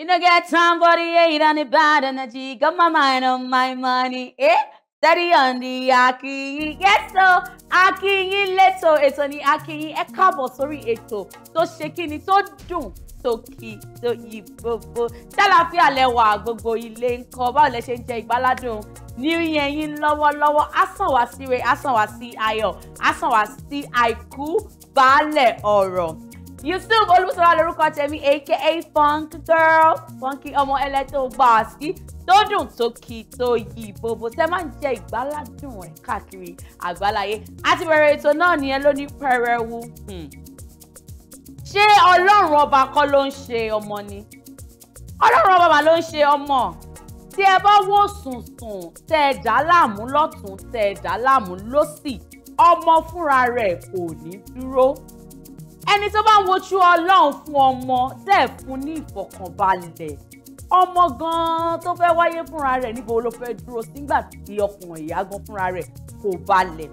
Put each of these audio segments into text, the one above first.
You know, get somebody eight on the bad energy. Got my mind e, on my money. Eh? Steady on the Aki. Yes, e so Akiiyin lẹ́tọ̀ ètò ni Akiiyin ẹ káàbọ̀ sórí ètò So ṣe So tó So tòkì tó yí gbogbo. Ṣàlàáfíà lẹ́wà go go ńkọ́ báwo lẹ ṣe ń jẹ ìgbáládùn new year in lower lower. Asa wá sí Asa á sàn ayo. Asa ayọ̀ á sàn wá sí àìkú baálẹ̀ yusuf olùsọ̀rọ̀ lórúkọ tèmi aka funk girl funky ọmọ ẹlẹ́tọ̀ báàsì tó dùn tó kì í tó yí bòbò tẹ́ máa ń jẹ ìgbáládùn rẹ̀ káàkiri àgbáláyé àti bẹ̀rẹ̀ ètò náà nìyẹn ló ní pẹrẹwu hmm. ṣé ọlọ́run ọba kọ́ ló ń ṣe ọmọ ni ọlọ́run ọba ló ń ṣe ọmọ tí ẹ bá wò sùn sùn tẹ́ ẹ dá láàmú lọ́tún tẹ́ ẹ dá láàmú lọ́sì ọmọ fúnra rẹ̀ kò ní dúró ẹni tó bá ń wojú ọlọ́run fún ọmọ dẹ̀ fún ní ìfọ̀kànbalẹ̀ ọmọ gan-an tó fẹ́ wáyé fúnra rẹ̀ níbo ló fẹ́ dúró sígbà tí ọkàn ìyá gan fúnra rẹ̀ kò balẹ̀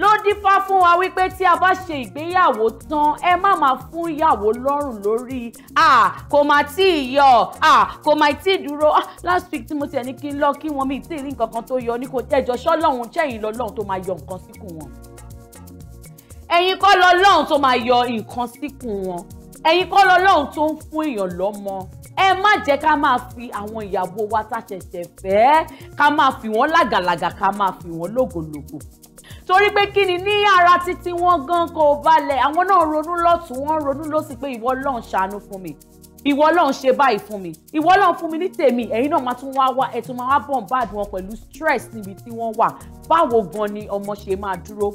ló dífá fún wa wípé tí a bá ṣe ìgbéyàwó tán ẹ má máa fún ìyàwó lọ́rùn lórí à kò má tí ì yọ kò má tí ì dúró ah, last week tí mo ti ní kí n lọ kí wọn mi tí ì rí nǹkan kan tó yọ ní kò tẹ́jọ ṣọ́ lọ́hùn-ún tó máa yọ nǹkan síkùn wọn ẹ̀yin kọ́ lọ lọ́hùn tó máa yọ nǹkan síkùn wọn ẹ̀yin kọ́ lọ lọ́hùn tó ń fún èèyàn lọ́mọ ẹ má jẹ́ ká máa fi àwọn ìyàwó wa tá ṣẹ̀ṣẹ̀ fẹ́ ká máa fi wọ́n làgàlàgà ká máa fi wọ́n lògòlògò torí pé kí ni ní ara títí wọn gan kò balẹ̀ àwọn náà ronú lọ́tún wọn ronú lọ́sì pé ìwọ lọ́hùn ṣàánú fún mi ìwọ ọlọ́run ṣe báyìí fún mi ìwọ ọlọ́run fún mi ní tèmi ẹ̀yin náà máa tún wá wá ẹ̀ tún máa wá bọ̀ ń bá wọn pẹ̀lú stress níbi tí wọ́n wà báwo gan ni ọmọ ṣe máa dúró.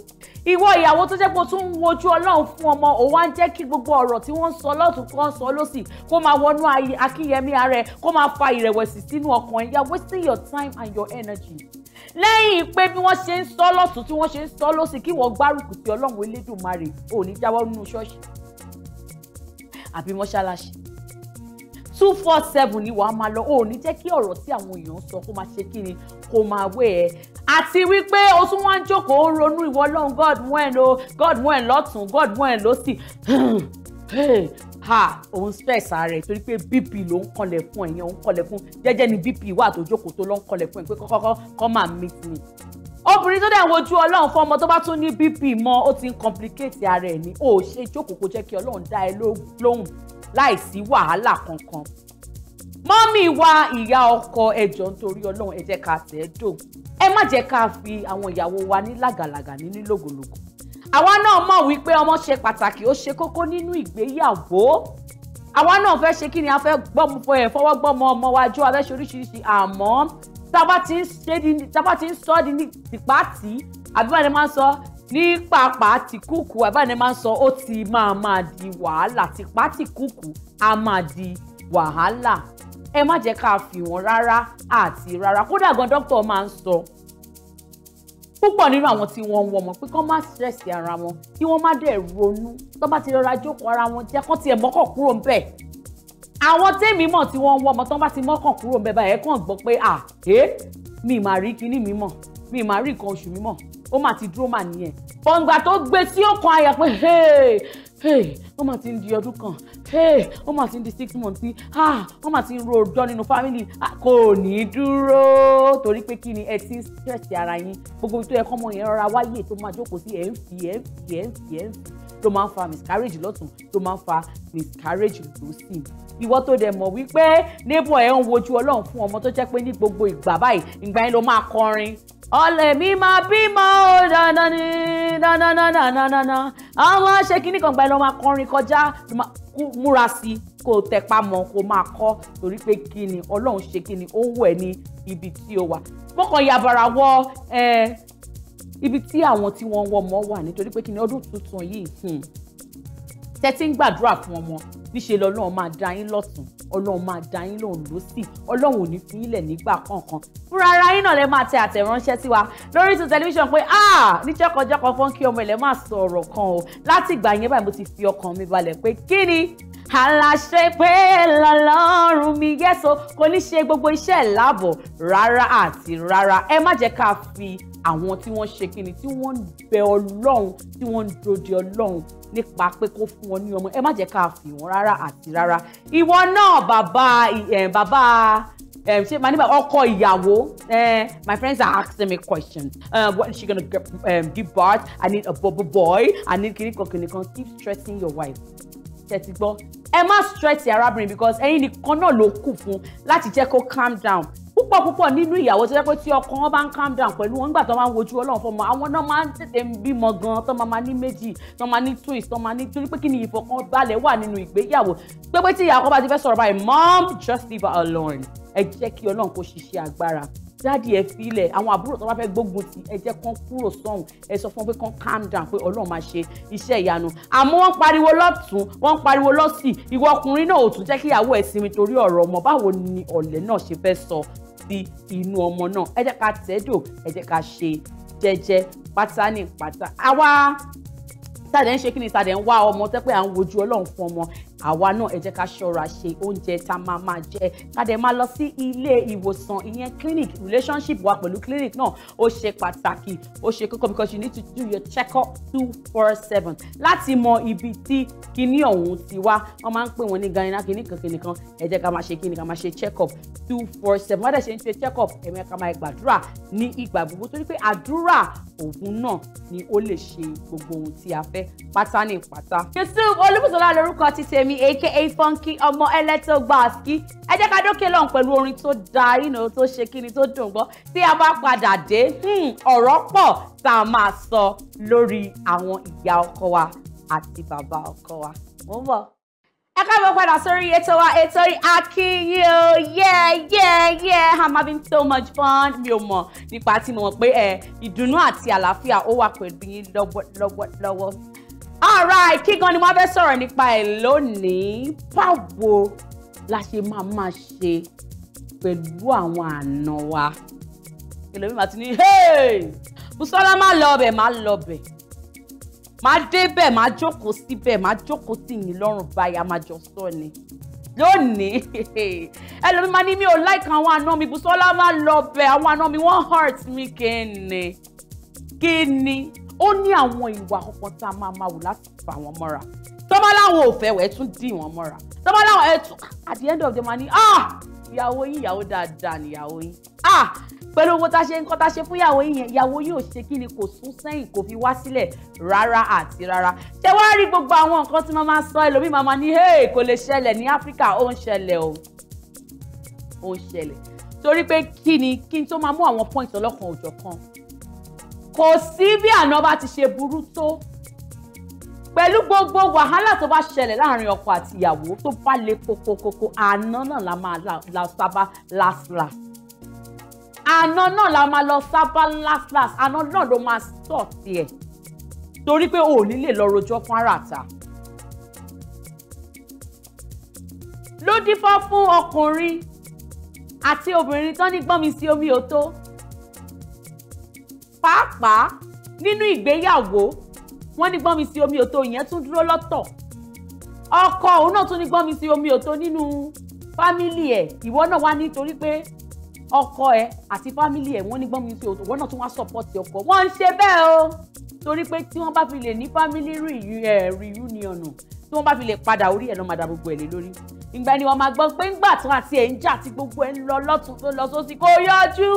ìwọ ìyàwó tó jẹ́ pé o tún ń wojú ọlọ́run fún ọmọ ò wá jẹ́ kí gbogbo ọ̀rọ̀ tí wọ́n ń sọ lọ́tún kó ń sọ lọ́sì kó máa wọnú akínyẹmí ara kó máa fa ìrẹ̀wẹ̀sì sínú ọkàn ẹ̀ wasting your time and your energy lẹ́yìn pé bí wọ́n ṣe ń sọ lọ́tún tí wọ́n ṣe ń sọ lọ́sì kí wọ́n gbárùkù tí ọlọ́run Elédùmarè ò ní jáwọ́ nínú ṣọ́ọ̀ṣì àbí mọ́ṣáláṣí two four seven ni wàá máa lọ o ò ní jẹ́ kí ọ̀rọ̀ tí àwọn èèyàn sọ kó máa ṣe kí ni kó máa wé ẹ. àti wípé o tún wá ń jókòó ronú ìwọ lọ́hùn god moen o god moen lọ́tún god moen lọ́sì ha òun stress ààrẹ torí pé bp ló ń kọlẹ̀ fún ẹ̀yẹn òun kọlẹ̀ fún jẹ́jẹ́ ni bp wà tó jókòó tó ló ń kọlẹ̀ fún ẹ̀ pé kọ́kọ́ kọ́ máa meet me. obìnrin tó dẹ̀ ń wojú ọlọ́run fún ọmọ tó bá tún ní bp mọ́ ó ti ń complicate ara ẹ̀ ní o ṣe jókòó kó jẹ́ kí ọlọ́run dá ẹ lóhùn láìsí wàhálà kankan mọ́mí wa ìyá ọkọ ẹjọ́ nítorí ọlọ́run ẹ jẹ́ ká tẹ̀ ẹ́ dò ẹ má jẹ́ ká fi àwọn ìyàwó wa ní làgàlàgà nínú lògòlògò àwa náà mọ̀ wípé ọmọ ṣe pàtàkì ó ṣe kókó nínú ìgbéyàwó àwa náà fẹ́ ṣe kí ni a fẹ́ gbọ́mọ fọwọ́ gbọ́mọ ọmọ wa jó a fẹ́ ṣe oríṣiríṣi àmọ́ tá a bá ti ń sọ di ní tìpátì àbí wọn ni máa ń sọ ní pàápàá tìkúùkù àbáni máa ń sọ ó ti máa máa di wàhálà tìpá tìkúùkù á máa di wàhálà ẹ má jẹ́ ká fi wọ́n rárá àti rárá kódà gan dókítà máa ń sọ púpọ̀ nínú àwọn tí wọ́n ń wọ́n mọ̀ pé kán má stress ara wọn kí wọ́n má dẹ̀ ronú tó bá ti rọra jókòó ara wọn jẹ́ kán tiẹ̀ mọ́kàn kúrò ń bẹ̀ àwọn tèmi mọ̀ tí wọ́n ń wọ́n mọ̀ tán bá ti mọ́kàn kúrò ń bẹ̀ báyẹn kàn gbọ́ pé à ẹ́ mi mà rí kinní mi mọ̀ mi máa rí nǹkan oṣù mi mọ̀ ó mà ti dúró mà nìyẹn ọ̀ǹgbà tó gbé sí ọkàn àyà pé ó mà ti di ọdún kan ó mà ti di six months ah, ó mà ti ń ro ọjọ́ nínú family ah, kò ní dúró torí pé kí ni ẹ ti ń stress ara yín gbogbo tó yẹ kọ́mọ yẹn rọra wáyé tó máa jókòó sí ẹ̀ ń fi ẹ̀ ń fi ẹ̀ ń fi ẹ̀ ń fi tó máa ń fa miscarriage lọ́tún tó máa ń fa miscarriage lọ́sì ìwọ tó dẹ̀ mọ̀ wípé neighbor ẹ̀ ń wojú ọlọ́run fún ọmọ tó jẹ́ pé ní gbogbo ìgbà báyìí ìgbà yẹn ló máa kọrin ọlẹ̀ mi máa bímọ ó dandan ni dandan dandan dandan àwọn aṣẹ kìíní kan gba ẹ lọ máa kọrin kọjá múra sí i kó o tẹpá mọ́ kó o máa kọ torí pé kíni Ọlọ́run ṣe kíni ó wù ẹ́ ní ibi tí o wà mọ́kàn yabara wọ ibi tí àwọn tí wọ́n wọ ọmọ wà nítorí pé kíni ọdún tuntun yìí hmm. tẹ́tí ń gbàdúrà fún ọmọ níṣẹ́ lọ́lọ́run máa dá yín lọ́tún ọlọ́run máa dá yín lòun ló sì ọlọ́run ò ní fi ilẹ̀ nígbà kankan fúnra ara yín náà lẹ máa tẹ àtẹ̀ránṣẹ́ sí wa lórí ètò tẹlifíṣàn pé ah ní jọ́kọjọ́kọ fún kí ọmọ ilẹ̀ máa sọ̀rọ̀ kan o láti ìgbà yẹn báyìí mo ti fi ọkàn mi balẹ̀ pé kí ni aláṣẹ pé lọ́lọ́run mi yẹ́sọ kò ní ṣe gbogbo iṣẹ́ ìlábọ̀ rárá àti rárá ẹ má jẹ́ ká fi àwọn tí wọ́n ṣe kíni tí wọ́n ń bẹ ọlọ́run tí wọ́n ń dòde ọlọ́run nípa pé kó fún wọn ní ọmọ ẹ má jẹ́ ká fi wọ́n rárá àti rárá ìwọ náà bàbá bàbá ṣe ma nígbà ọkọ ìyàwó my friends are asking me questions uh, what is she gonna get, um, give birth i need a bubble boy i need kìnìkan kìnìkan keep stressing your wife tẹ̀sí gbọ́ ẹ má stress arábìnrin because ẹ̀yin nìkan náà ló kù fún láti jẹ́ kó calm down púpọ̀ púpọ̀ nínú ìyàwó tó jẹ́ pé tí ọkọ wọn bá ń calm down pẹ̀lú wọn nígbà tó máa ń wojú ọlọ́run fọmọ àwọn náà máa ń tètè ń bímọ gan tó máa ma ní méjì tó máa ní twins tó máa ní torí pé kí ni ìfọkànbalẹ̀ wà nínú ìgbéyàwó pé pé tí ìyàwó bá ti fẹ́ sọ̀rọ̀ báyìí mom just leave her alone ẹ jẹ́ kí ọlọ́run kó ṣiṣẹ́ agbára dáàdi ẹ filẹ̀ àwọn àbúrò tó bá fẹ́ gbógun ti ẹ jẹ́ kán kúrò sọ́hùn ẹ sọ fún wọn pé kán calm down pé ọlọ́run máa ṣe iṣẹ́ ìyanu àmọ́ wọ́n pariwo lọ́tún wọ́n pariwo lọ́sì ìwọ ọkùnrin náà ò tún jẹ́ kí ìyàwó ẹ̀ sinmi torí ọ̀rọ̀ ọmọ báwo ni ọ̀lẹ́ náà ṣe fẹ́ sọ sí inú ọmọ náà ẹ jẹ́ ká tẹ́dò ẹ jẹ́ ká ṣe jẹ́jẹ́ pátá ní pátá àwa tàdé ń ṣe kí ni tàdé ń wá ọmọ tẹ́ pé à ń wojú ọlọ́run fún ọmọ àwa náà ẹ jẹ́ ká ṣọ́ra ṣe oúnjẹ tá a máa máa jẹ ká dẹ̀ máa lọ sí ilé ìwòsàn ìyẹn clinic relationship wa pẹ̀lú clinic náà ó ṣe pàtàkì ó ṣe kókó because you need to do your check up two four seven láti mọ ibi tí kinní ọ̀hún ti wá wọ́n máa ń pè wọ́n ní ganina kinní kan kinní kan ẹ jẹ́ ká máa ṣe kinní ká máa ṣe check up two four seven wọ́n dẹ̀ ṣe ń ṣe check up ẹ̀mí ká máa gbàdúrà ní ìgbà gbogbo torí pé àdúrà òun náà ni ó lè ṣe gbogbo ohun tí a fẹ́ pátá ní pátá. Yusuf Olúbùsọ̀lá lórúkọ ti tèmi èmi aka funky ọmọ ẹlẹ́tọ́ gbàásì ẹ jẹ́ ká dókè lọ́hùn pẹ̀lú orin tó dáa ìnà tó ṣe kíni tó dùn gbọ́ tí a bá padà dé hmm, ọ̀rọ̀ pọ̀ tá a máa sọ lórí àwọn ìyá ọkọ wa àti bàbá ọkọ wa mo ń bọ̀ ẹ káàbọ̀ padà sórí ètò wa ètò AkiiYin o yeah yeah i'm having so much fun mi ò mọ̀ nípa tí mo mọ̀ pé ìdùnnú àti àlàáfíà ó wà pẹ̀lú yín lọ́wọ́lọ́wọ́ alright kí gan ni wọ́n fẹ́ sọ̀rọ̀ nípa ẹ̀ lónìí báwo la ṣe máa máa ṣe pẹ̀lú àwọn àna wa ẹlòmí màá ti ní Bùsọ́lá má lọ bẹ̀ má lọ bẹ̀ má débẹ̀ má jókòó síbẹ̀ má jókòó tì yín lọ́rùn báyà má jọ sọ ni lónìí ẹlòmí máa ní mi ò láìka àwọn àna mi Bùsọ́lá má lọ bẹ̀ àwọn àna mi wọ́n hurt mi kí ni ó ní àwọn ìwà kankan tá a máa máa wù láti fà wọ́n mọ́ra tọ́ba láwọn ò fẹ́ wẹ̀ tún dì wọ́n mọ́ra tọ́ba láwọn ẹ̀ tún ah, at the end of the money ah ìyàwó yín ìyàwó dáadáa níyàwó yín ah pẹ̀lú owó tá a ṣe ń kọ́ tá a ṣe fún ìyàwó yín yẹn ìyàwó yín ò ṣe kí ni kò sún sẹ́yìn kò fi wá sílẹ̀ rárá àti rárá ṣé wàá rí gbogbo àwọn nǹkan tí màmá sọ ẹlòmíì màmá ní hey kò lè ṣẹlẹ̀ ní áfíríkà ó ń ṣẹlẹ̀ o ó ń ṣẹlẹ̀ torí pé kí ni kí n tó máa mú àwọn point ọlọ́kan òjọ̀ kò sí bí àná bá ti ṣe burú tó pẹ̀lú gbogbo wàhálà tó bá ṣẹlẹ̀ láàrin ọkọ àti ìyàwó tó bá le kokokoko àná náà la máa la sábà lásìlà àná náà la máa lọ sábà lásìlà àná náà ló máa sọ̀ tiẹ̀ torí pé o ò ní lè lọ rojọ́ fún àràtà. ló dífá fún ọkùnrin àti obìnrin tán ní gbọ́n mi sí omi ò tó pàápàá nínú ìgbéyàwó wọ́n ní gbọ́nmi sí omi òtó ìyẹn tún dúró lọ́tọ̀ ọkọ òun náà tún ní gbọ́nmi sí omi òtó nínú fámìlì ẹ̀ ìwọ náà wá nítorí pé ọkọ ẹ àti fámìlì ẹ wọ́n ní gbọ́nmi sí òtó ìwọ náà tún wá sọ́pọ́tì ọkọ wọ́n ń ṣe bẹ́ẹ̀ o torí pé tí wọ́n bá fi lè ní fámìlì reunion tí wọ́n bá fi lè padà orí ẹ̀ náà máa da gbogbo ẹ̀ lé lórí ìgbà ni wọ́n máa gbọ́ pé ńgbà tán àti ẹ̀ ń jà tí gbogbo ẹ̀ ń lọ lọ́tún tó lọ sósì kó yọjú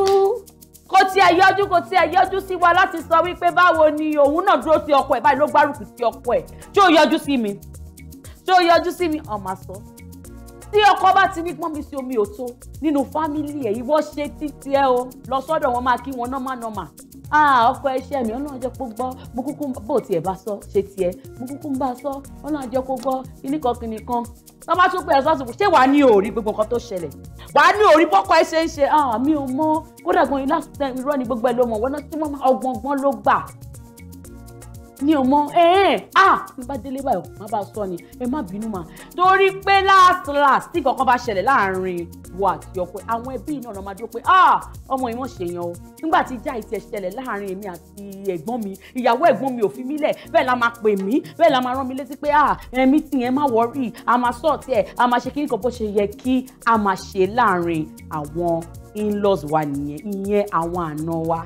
kò tiẹ̀ yọjú kò tiẹ̀ yọjú sí wa láti sọ wípé báwo ni òun náà dúró ti ọkọ ẹ̀ báyìí ló gbárùkù ti ọkọ ẹ̀ tí ó yọjú sí mi tí ó yọjú sí mi ọ̀mà sọ tí ọkọ bá ti ní pọ́n mi sí omi òtó nínú fámìlì ẹ̀ ìwọ ṣe títí ẹ o lọ sọ́dọ̀ wọn máa kí wọn nọ́mà nọ́mà Ah, ọkọ ẹṣẹ mi ọlọ́run jẹ́ kó gbọ́ mo kúkú bò tiẹ̀ bá sọ ṣe tiẹ̀ mo kúkú bá sọ ọlọ́run jẹ́ kó gbọ́ kíníkan kíníkan tó bá tún pé ẹ sọ́ọ̀tún ṣé wàá ní òórí gbogbo nǹkan tó ṣẹlẹ̀ wàá ní òórí bọ́kọ ẹ ń ṣe ah, mi ò mọ kódà gan-an last time irọ́ ni gbogbo ẹ ló mọ̀ wọ́n tí wọ́n máa ọgbọ̀ngbọ́n ló gbà ní ọmọ ẹ ẹ à bá délé báyọ̀ má bá sọ ni ẹ má bínú mà torí pé last last tí kankan bá ṣẹlẹ̀ láàrin wo àti ọkọ àwọn ẹbí náà lọ́ máa dúró pé ah, ọmọ yìí wọ́n ṣe yẹn o nígbà tí ìjà ìtẹ̀ ṣẹlẹ̀ láàrin èmi àti ẹ̀gbọ́n mi ìyàwó ẹ̀gbọ́n mi ò fi mí lẹ̀ bẹ́ẹ̀ la máa pè mí bẹ́ẹ̀ la máa rán mi létí pé ẹ̀mí tì yẹn má wọ́rì a máa sọ̀tì ẹ̀ a máa ṣe kí nǹkan bó ṣe yẹ kí a máa ṣe láàrin àwọn in-laws wa nìyẹn ìyẹn àwọn àna wa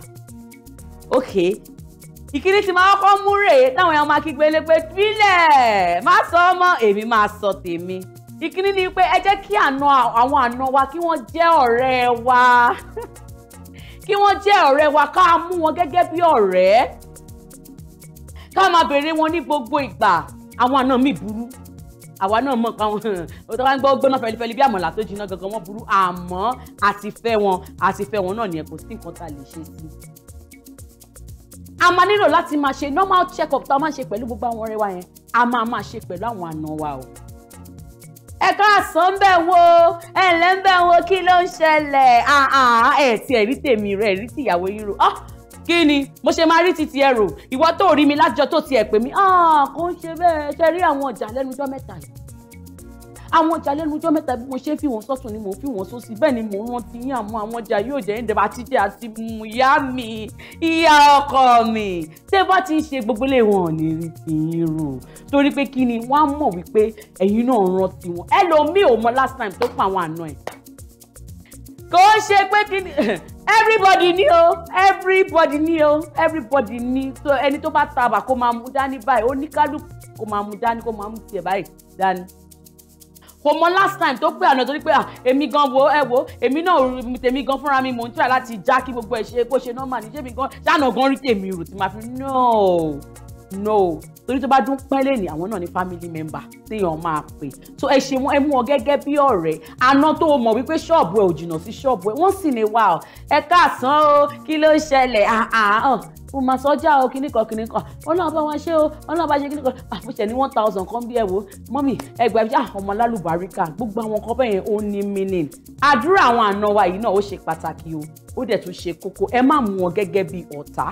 ìkíní tí máa kọ́ mú rèé táwọn èèyàn máa kí gbélé pé fílẹ̀ má sọ ọmọ èmi máa sọ tèmi ìkíní ni pé ẹ jẹ́ kí àna àwọn àna wa kí wọ́n jẹ́ ọ̀rẹ́ wa kí wọ́n jẹ́ ọ̀rẹ́ wa ká mú wọn gẹ́gẹ́ bí ọ̀rẹ́ ká máa béèrè wọn ní gbogbo ìgbà àwọn àna mi burú àwa náà mọ̀ pa wọn o tó bá ń gbọ́ gbóná fẹlifẹli bí àmọ̀là tó jiná gangan wọn burú àmọ́ àti fẹ́ wọn àti fẹ́ wọn náà nìyẹn kò sí nǹkan tá a lè ṣe sí i a máa nílò láti máa ṣe normal check up tá a máa ṣe pẹ̀lú gbogbo àwọn ọ̀rẹ́ wa yẹn a máa máa ṣe pẹ̀lú àwọn àna wa o. ẹ káàsán ń bẹ̀ wo ẹ ǹlẹ́ ń bẹ̀ wo kí ló ń ṣẹlẹ̀ ẹ ti ẹ̀rí tèmi rẹ̀ ẹ̀rí tìyàwó yín rò ah, kí ni mo ṣe máa rí titi ẹrù ìwọ tó rí mi lájọ tó ti ẹ̀ pè mí ah, kò ń ṣe bẹ́ẹ̀ ṣe rí àwọn ọjà lẹ́nu ọjọ́ mẹ́ta yìí àwọn ọjà lẹ́nu ọjọ́ mẹ́ta bí mo ṣe fi wọn sọ́tún ni mò fi wọn sósì bẹ́ẹ̀ ni mò rántí yín àwọn àwọn ọjà yóò jẹ́ ẹ̀ńdẹ̀ bá ti jẹ́ àti mú ìyá mi ìyá ọkọ mi tẹ́ bá ti ń ṣe gbogbo lè wọn ní rí ti torí pé kí ni wọ́n á mọ̀ wípé ẹ̀yin náà rántí wọn ẹlòmíì ò mọ last time tó pa àwọn àna ẹ̀ kò ó ṣe pé kí ni everybody ni o everybody ni o everybody ni so ẹni tó bá ta àbà kó máa mú dání báyìí oníkálukú kó máa mú dání kó máa mú tiẹ̀ báyìí dání kò mọ last time tó pé àná torí pé èmi gan wo ẹ wo èmi náà tèmi gan fúnra mi mò ń try láti já kí gbogbo ẹ̀ ṣe kó ṣe normal ní jẹ́mi gan dáná gan rí tèmi rò tí màá fi no no torí tó bá dún pẹ́lẹ́ ní àwọn náà ní family member téèyàn máa pè so ẹ ṣe wọn ẹ mú wọn gẹ́gẹ́ bí ọ̀rẹ́ àná tó mọ̀ wípé ṣọ́ọ̀bù ẹ̀ ò jìnnà sí ṣọ́ọ̀bù ẹ̀ wọ́n sì ní wà ẹ káàsán o kí ló ń ṣẹlẹ̀ ah, ah, mo máa sọjà o kíní kan kíní kan ọlọ́run bá wọn ṣe o ọlọ́run bá ṣe kíní kan àfúnṣe ah, ní one thousand kan bí ẹ wo mọ́mì ẹgbẹ́ ẹbí ọmọ alálùbáríkà gbogbo àwọn kan bẹ́ẹ̀ yẹn ó ní meaning àdúrà àwọn àna wa yìí náà ó ṣe pàtàkì o ó dẹ̀ tún ṣe kókó ẹ má mú wọn gẹ́gẹ́ bí ọ̀tá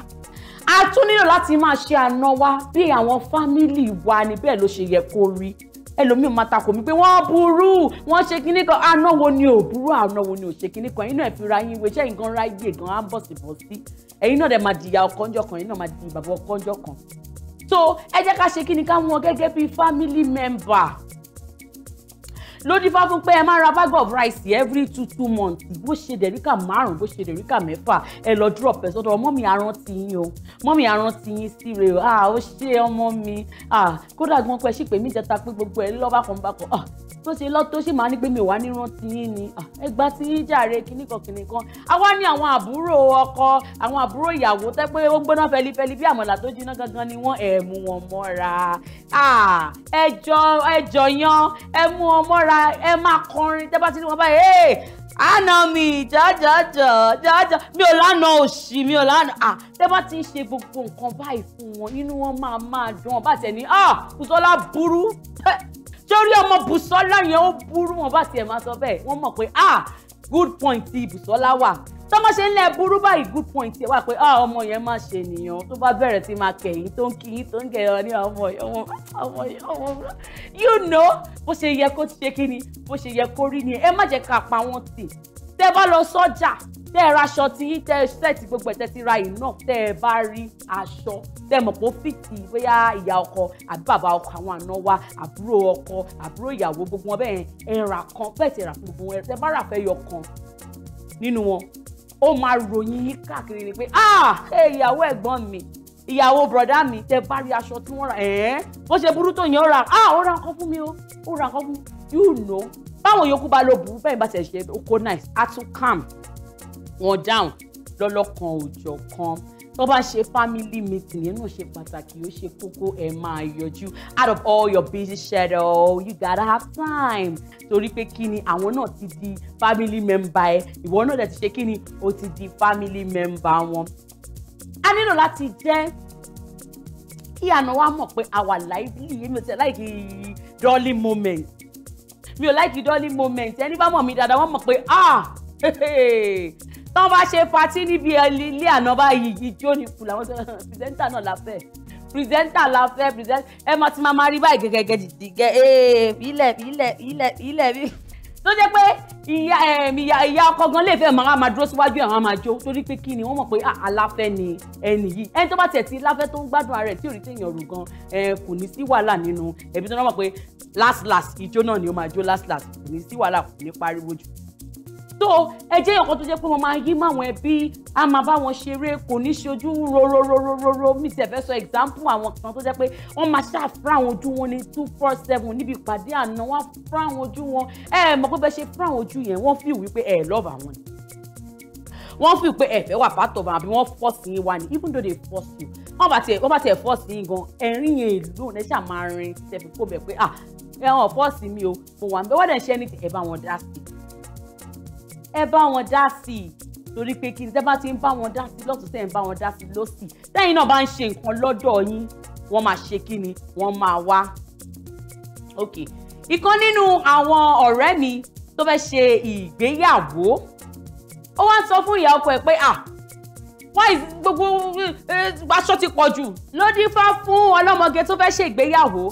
a tún nílò láti máa ṣe àna wa bí àwọn fámìlì wa ni bẹ́ẹ̀ ló ṣe yẹ kó rí ẹlòmíì máa takò mí pé wọ́n burú wọ́n ṣe kínní kan anáwo ni ò burú anáwo ni ò ṣe kínní kan inú ẹ̀ fi ra yín wé ṣé nǹkan ráyè gan á bọ̀ sí bọ̀ sí ẹ̀yin náà dẹ̀ máa di ìyá ọkọ ńjọ́ kan ẹ̀yin náà máa di bàbá ọkọ ńjọ́ kan so ẹ jẹ́ ká ṣe kí ni ká mú wọn gẹ́gẹ́ bíi family member ló dífá fún pé ẹ máa ra bag of rice every two two months bó ṣe dẹ̀ríkà márùn bó ṣe dẹ̀ríkà mẹ́fà ẹ lọ drop ẹ sọ́dọ̀ mọ́mì aràn ti yín o mọ́mì aràn ti yín sí re o ah ó ṣe ọmọ mi ah kódà gan pé ṣì pé mí jẹta pé gbogbo ẹ lọ́ba kan bá kan ah tó ṣe lọ tó ṣì máa ní pé mi ò wá ní rántí yín ni ah, ẹ gbà tí yín jàre kíníkan kíníkan àwa ní àwọn àbúrò ọkọ àwọn àbúrò ìyàwó tẹ́ pé ó gbóná fẹlifẹli bí àmàlà tó jiná gangan ni wọ́n ẹ̀ mú wọn mọ́ra ẹjọ́ ẹjọ́ yan ẹ mú wọn mọ́ra ah, rárá ẹ máa kọrin tẹ́ bá ti ní wọn báyìí ee àna mi jàjàjà jàjà mi ò lánà òṣì mi ò lánà à tẹ́ bá ti ń ṣe gbogbo nǹkan báyìí fún wọn inú wọn máa máa dùn ọba tẹ̀ ní ah Bùsọ́lá burú torí ọmọ Bùsọ́lá yẹn ó burú wọn bá tiẹ̀ máa sọ bẹ́ẹ̀ wọ́n mọ̀ pé ah good point ti Bùsọ́lá wà tọ́mọ ṣe ń lẹ̀ burú báyìí good point ẹ̀ wà pé ah, ọmọ yẹn máa ṣe nìyàn tó bá bẹ̀rẹ̀ sí máa kẹ̀yìn tó ń kíyìn tó ń gẹ̀yàn ní ọmọ yẹn ọmọ ọmọ yẹn ọmọ you know bó ṣe yẹ kó ṣe kí ni bó ṣe yẹ kó rí ni ẹ má jẹ́ ká pa wọ́n tì tẹ bá lọ sọ́jà tẹ ẹ raṣọ tí tẹ sẹẹtì gbogbo ẹ tẹ ti ra iná tẹ ẹ bá rí aṣọ tẹ mọ̀ pé ó fìtì bóyá ìyá ọkọ àbí bàbá ọkọ àwọn àna wa àbúrò ọkọ àbúrò ìyàwó gbogbo wọn bẹ́ẹ̀ ẹ rà kan bẹ́ẹ̀ ti rà fún gbogbo wọn tẹ bá rà fẹ́ yọ kan nínú wọn ó máa ròyìn yí káàkiri ni pé ah ìyàwó ẹ̀gbọ́n mi ìyàwó bọ̀dá mi tẹ bá rí aṣọ tí wọ́n rà ẹ́ bó ṣe burú tó yẹn ó ra ah ó ra nǹkan fún mi o ó ra nǹkan fún mi you know báwọn yòókù bá lọ bù ú bẹ́ẹ̀ bá tẹ̀ ṣe oko nice á tún calm wọn down lọ́lọ́kan òjọ̀ kan tó bá ṣe family meeting yẹn náà ṣe pàtàkì ó ṣe kókó ẹ máa yọjú out of all your busy schedule you gotta have time torí pé kí ni àwọn náà ti di family member ẹ ìwọ náà dẹ̀ ti ṣe kí ni o ti di family member wọn a nílò láti jẹ́ kí àna wa mọ̀ pé àwa lively èmi ò tẹ̀ láìkí dolly moment mi ò láìkí dolly moment ẹni bá mọ̀ mi dáadáa wọ́n mọ̀ pé ah tán bá ṣe patí níbi ilé àná báyìí ijó ni kù làwọn pírẹsẹ́ńtà náà la fẹ́ pírẹsẹ́ńtà la fẹ́ pírẹsẹ́ńtà ẹ máa ti máa máa rí báyìí gẹ́gẹ́ gẹ́gẹ́ dìde gẹ́ ẹ́ ilẹ̀ ilẹ̀ ilẹ̀ ilẹ̀ bíi tó jẹ́ pé ìyá ìyá ìyá ọkọ gan lè fẹ́ máa máa dúró síwájú ẹ̀ wọ́n máa jó torí pé kí ni wọ́n mọ̀ pé ah, aláfẹ́ ni ẹni yìí ẹni tó bá tẹ̀ sí láfẹ́ tó ń gbádùn ara ẹ̀ tí ò rí téèyàn rù gan kò ní sí wàhálà nínú ẹbí tó náà mọ̀ pé last last ìjó náà ni ó máa jó last last kò ní sí wàhálà kò ní pariwo jù so ẹ jẹ́ ọ̀kan tó jẹ́ pé mo máa yí mọ́ àwọn ẹbí a máa bá wọn ṣeré kò ní ṣojú rororororo mi tẹ̀ fẹ́ sọ example àwọn kan tó jẹ́ pé wọ́n máa ṣàfúrà àwọn ojú wọn ní two four seven níbi ìpàdé àná wọ́n fúrà àwọn ojú wọn ẹ mọ̀ pé bẹ́ẹ̀ ṣe fúrà àwọn ojú yẹn wọ́n fi wípé ẹ love àwọn ni wọ́n fi pé ẹ̀fẹ́ wà part of am àbí wọ́n force yín wá ni even though they force you wọ́n bá tiẹ̀ wọ́n bá tiẹ̀ force yín gan ẹ̀rín yẹn ìlú ẹ̀ ṣáà máa rin tẹ̀fí kó bẹ̀ pé ah ẹ̀hàn force mi o mo wà ń bẹ́ wọ́n dẹ̀ ṣe ẹni ẹ̀ bá wọn dá sí ẹ bá wọn dá sí i torí pé kí n tẹ́ bá ti ń bá wọn dá sí lọ́tún tẹ́ ń bá wọn dá sí lọ́sì tẹ́yìn náà bá ń ṣe nǹkan lọ́dọ̀ yín wọ́n máa ṣe kí ni wọ́n máa wá. ok ìkan nínú àwọn ọ̀rẹ́ mi tó fẹ́ ṣe ìgbéyàwó ó wá ń sọ fún ìyá ọkọ ẹ̀ pé ah why gbogbo eh, aṣọ ti pọ̀ jù ló dífá fún ọlọ́mọge tó fẹ́ ṣe ìgbéyàwó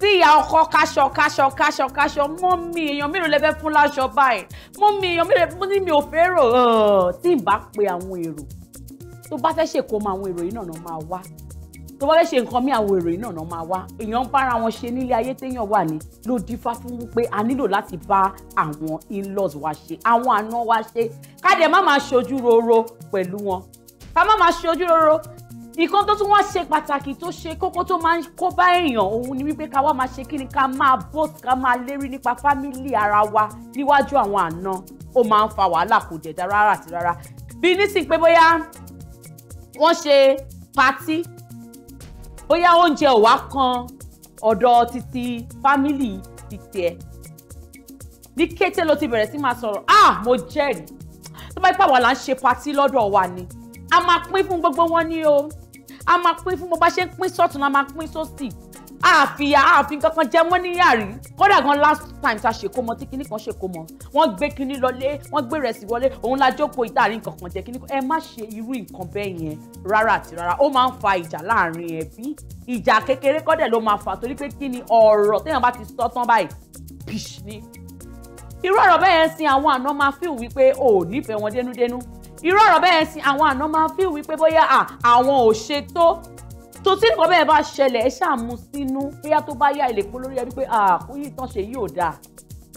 díyà ọkọ káṣọ káṣọ káṣọ káṣọ mọ́mì èèyàn mélòó lẹbẹ fún láṣọ báyìí mọ́mì èèyàn mélòó fún ní mi ò fẹ́ rò tí ì bá pe àwọn èrò tó bá fẹ́ ṣèkómọ àwọn èrò yìí náà máa wá tó bá fẹ́ ṣe nǹkan mí àwọn èrò yìí náà máa wá èèyàn ń bára wọn ṣe nílé ayé téèyàn wà ní ló dífá fún wípé a nílò láti bá àwọn in-laws wa ṣe àwọn àna wa ṣe ká dẹ̀ má máa ṣojú roro pẹ̀lú wọn ká má máa ṣojú roro nǹkan tó tún wá ṣe pàtàkì tó ṣe kókó tó máa ń kó bá èèyàn òun ni wípé ká wá máa ṣe kí ni ká máa bó ká máa lérí nípa fámìlì ara wa níwájú àwọn àna ó máa ń fa wàhálà kò dẹ̀ dára rárá àti rárá bí nísìn pé bóyá wọ́n ṣe patí bóyá oúnjẹ ò wá kan ọ̀dọ̀ títí fámìlì títí ẹ̀ ní kété ló ti bẹ̀rẹ̀ sí máa sọ̀rọ̀ ah mo jẹ́rìí tó bá yẹ pé àwa là ń ṣe patí lọ́dọ̀ wa ni a máa pín fún gbogbo wọn ní o a máa pín fún bó bá ṣe ń pín sọ́tún la máa pín sósì àfi àfi kankan jẹ mọ́ níyàrí kódà gan last time ta ṣèkó mọ tí kinní kan ṣèkó mọ wọ́n gbé kinní lọlé wọ́n gbé rẹ̀ sí wọlé òun la jókòó ìtàrí nǹkan kan jẹ kinní kan ẹ má ṣe irú nǹkan bẹ́ẹ̀ yẹn rárá àti rárá ó máa ń fa ìjà láàrin ẹbí ìjà kékeré kọ́dẹ̀ ló máa fà torí pé kí ni ọ̀rọ̀ téèyàn bá ti sọ tán báyìí pìṣ ni irú ọ̀rọ̀ bẹ́ẹ̀ yẹn sin àwọn àna máa fíìl wípé ò nífẹ̀ẹ́ wọn dénúdénú irú ọ̀rọ̀ bẹ́ẹ̀ sí àwọn àna máa fi wípé bóyá àwọn ò ṣe tó tó tí nǹkan bẹ́ẹ̀ bá ṣẹlẹ̀ ẹ ṣáà mú sínú bóyá tó bá yá ilé pọ̀ lórí ẹbí pé àkúyí tán ṣe yìí ò dáa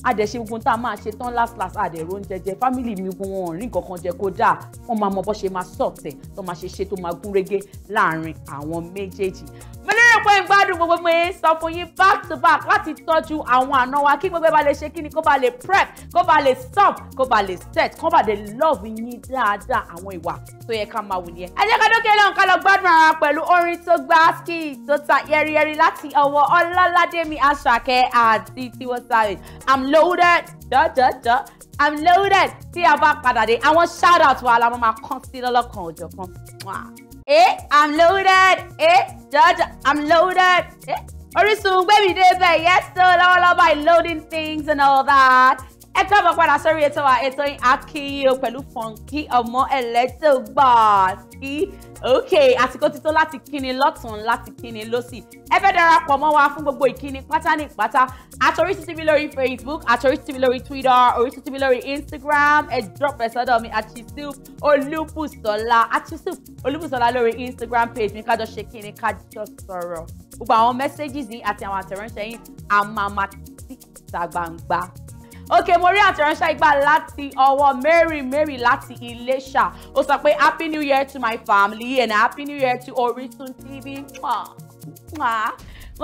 àdẹ̀ṣe ogun tá a máa ṣe tán last last àdẹ̀rò oúnjẹ jẹ fámìlì mi gun wọn rí nǹkan kan jẹ kó dáa wọn máa mọ bó ṣe máa sọ̀tẹ̀ tó máa ṣe ṣe tó máa gún régé láàárín àwọn méjèèjì. mẹ́lẹ́ lérò pé ń gbádùn gbogbo mi sọ fún yín back to back láti tọ́jú àwọn àna wa kí gbogbo ẹ bá lè ṣe kí ni kó bá lè prep kó bá lè stop kó bá lè set kó bá lè love yín dáadáa àwọn ìwà tó yẹ ká máa wù nìyẹn. ẹ jẹ́ ká dókè lọ́hùn ká lọ gbádùn ara pẹ̀lú orin tó gbá ski tó ta yẹ́rìyẹ́rì láti ọwọ́ ọlọ́ládẹ́mi àṣàkẹ́ àti tiwọ́ sáré i'm loaded dọ́dọ́dọ́ i'm loaded tí a bá padà dé àwọn shout out wa la máa kàn sí lọ́lọ́kan òjọ̀kan. Eh, I'm loaded. Eh, Judge, I'm loaded. Eh, Orisun, where baby. did that? Yes, sir, all about loading things and all that. ẹ káàbọ̀ padà sórí ètò wa ètò yín AkiiYin o pẹ̀lú Funky ọmọ ẹlẹ́tọ̀gbà kí òkè àsìkò ti tó láti kíni lọ́tún láti kíni lọ́sì ẹ fẹ́ darapọ̀ mọ́ wa fún gbogbo ìkíni pátá ní pátá àtOrísun TV lórí Facebook àtOrísun TV lórí Twitter Orísun TV lórí Instagram ẹ drop ẹ sọ́dọ̀ mi àtisú Olúbùsọ́lá àtisú Olúbùsọ́lá lórí Instagram page mi kájọ ṣe kíni kájọ sọ̀rọ̀ gbogbo àwọn messages yìí àti àwọn àtẹ̀ránṣẹ́ yìí àmàmà sí ìta gbangba ok mo rí àtẹ̀ránṣẹ́ ìgbà láti ọwọ́ Mary Mary láti Iléṣà ó sọ pé happy new year to my family and happy new year to Orisun TV mo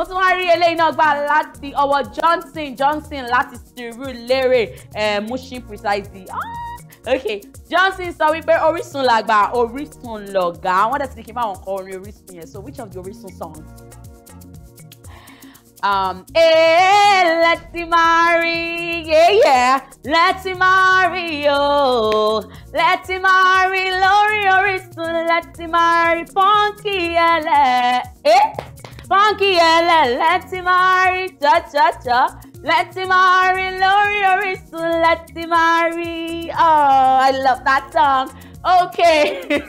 tún wá rí eléyìí náà gbà láti ọwọ́ Johnson Johnson láti sùúrù lérè eh, Mushin precisely ah, ok Johnson sọ wípé Orísun làgbà Orísun lọ̀gá wọ́n dẹ̀ ti ní kí n bá wọn kọ orin Orísun yẹn so which of the Orísun songs. Um, hey, eh, let's marry, yeah, yeah, let's marry, oh, let's marry, Lori Orison, let's marry, Funky, yeah, eh, Funky, yeah, let's marry, cha, cha, cha, let's marry, Lori Orison, let's marry, oh, I love that song, okay,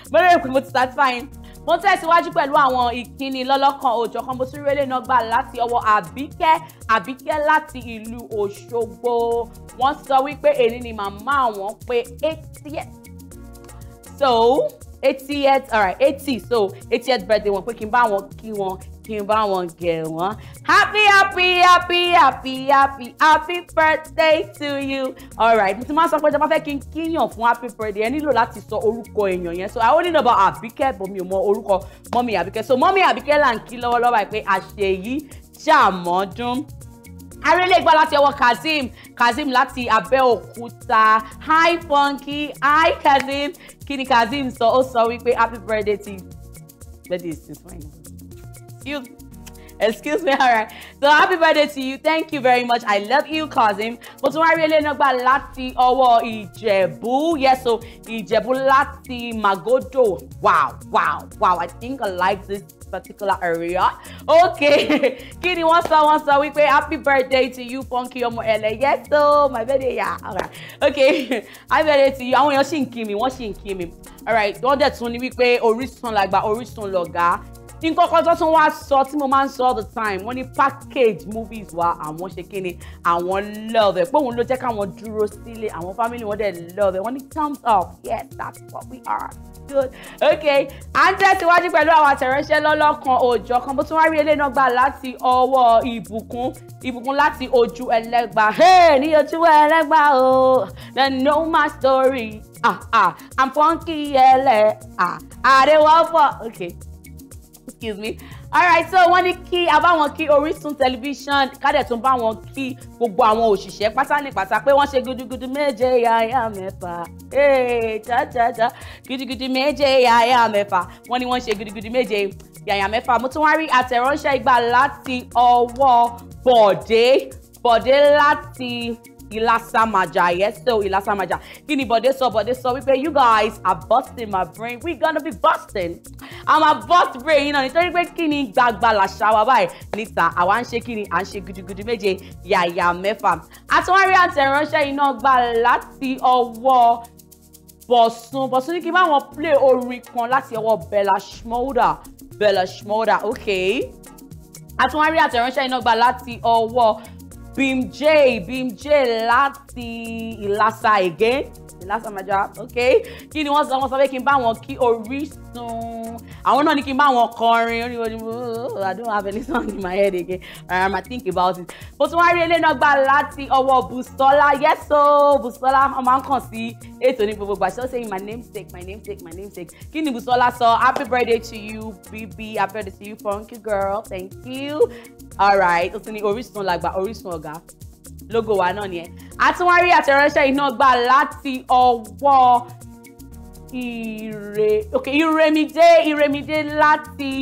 but that's fine. mo tẹ̀síwájú pẹ̀lú àwọn ìkíni lọ́lọ́kan òjọ̀kan bó tún rélé náà gbà láti ọwọ́ àbíkẹ́ àbíkẹ́ láti ìlú òṣogbo wọ́n sọ wípé èyí ni màmá àwọn pé eighty years so eightieth all right 80. so eightieth birthday wọn pé kí n bá wọn kí wọn kí n bá wọn gẹ̀ wọ́n happy happy happy happy happy happy birthday to you all right mo ti máa sọ pé jọba fẹ́ kí n kíyàn fún happy birthday ẹ nílò láti sọ orúkọ èèyàn yẹn so I only know about Abike, but mi ò mọ orúkọ mọ́mí Abike. so mọ́mí Àbíkẹ́ là ń kí lọ́wọ́lọ́wọ́ àìpé àṣeyí ṣàmọ́dún arẹlẹ ìgbà láti ọwọ́ kazeem kazeem láti abẹ́òkúta hi funky hi kazeem kí ni kazeem sọ ó sọ wípé happy birthday to you birthday is since when excuse me excuse me all right so happy birthday to you thank you very much i love you cousin mo tún wá rí eléyìí náà gbà láti ọwọ́ ìjẹ̀bú yes o ìjẹ̀bú láti magodo wow wow wow i think i like this particular area. Okay, kí ni wọ́n sọ wọ́n sọ wípé happy birthday to you Punky ọmọ ele yes o my birthday ya right, okay happy birthday to you àwọn èèyàn sì ń kí mi wọ́n sì ń kí mi alright wọ́n dẹ̀ tún ní wípé Orísun làgbà Orísun lọ̀gá nǹkan kan tó tún wá sọ tí mo máa ń sọ all the time wọ́n ní package movies wa àwọn ṣe kí ni àwọn love ẹ̀ pé òun ló jẹ́ káwọn dúró sílé àwọn family wọn dẹ̀ love ẹ̀ wọ́n ní thumbs up yes that's what we are good okay à ń tẹ̀síwájú pẹ̀lú àwọn àtẹ̀ránṣẹ́ lọ́lọ́kan òòjọ́ kan bó tún wá rí eléyìí náà gbà láti ọwọ́ ìbùkún ìbùkún láti ojú ẹlẹ́gbà hey ní ojú ẹlẹ́gbà o then know my story ah ah i'm funky ẹlẹ́ ah àdéwọ́pọ̀ okay excuse me All right, so wọ́n ní kí a bá wọn kí Orísun tẹlifíṣàn kádẹ̀ tún bá wọn kí gbogbo àwọn òṣìṣẹ́ pátá ní pátá pé wọ́n ṣe gudugudu méje yáyà mẹ́fà jajaja gudugudu méje yáyà mẹ́fà wọ́n ní wọ́n ṣe gudugudu méje yáyà mẹ́fà mo tún wá rí àtẹ̀ránṣẹ́ ìgbà láti ọwọ́ Bọ̀dé Bọ̀dé láti. Ilasamaja. Yes, so Ilasamaja. Kini Bode so Bode so wípé you guys are busting my brain. We gonna be busting. I'm a bust brain yìí náà nítorí pé kíni gbagba làṣà I báyìí níta kini and ṣe kíni à ń ṣe gudugudu méje yàyà mẹ́fà. Àtúwárí àtẹ̀ránṣẹ́ iná gbà láti ọwọ́ Bọ̀sùn Bọ̀sùn ní kí n bá wọn play orin kan láti ọwọ́ Bella Shmurda Bella Shmurda okay àtúnwárí àtẹ̀ránṣẹ́ iná gbà láti ọwọ́ Bim J, Bim J láti Ìlàsà again. the last time I dropped okay kí ni wọ́n sọ wọ́n sọ pé kí n bá wọn kí Orísun àwọn náà ni kí n bá wọn kọrin oh, I don't have any song in my head again um, I think about it mo tún wá rí ilé náà gbà láti ọwọ́ Bùsọ́lá yes o Bùsọ́lá wọ́n máa ń kàn sí ètò ní gbogbo still saying my name namesake my name namesake my namesake kí ni Bùsọ́lá sọ happy birthday to you BB. happy birthday to you funky girl thank you all right o tún ní Orísun làgbà Orísun ọ̀gá logo wa náà nìyẹn àtiwárí àtẹ̀ránṣẹ́ iná gbà láti ọwọ́ ire ok iremide iremide láti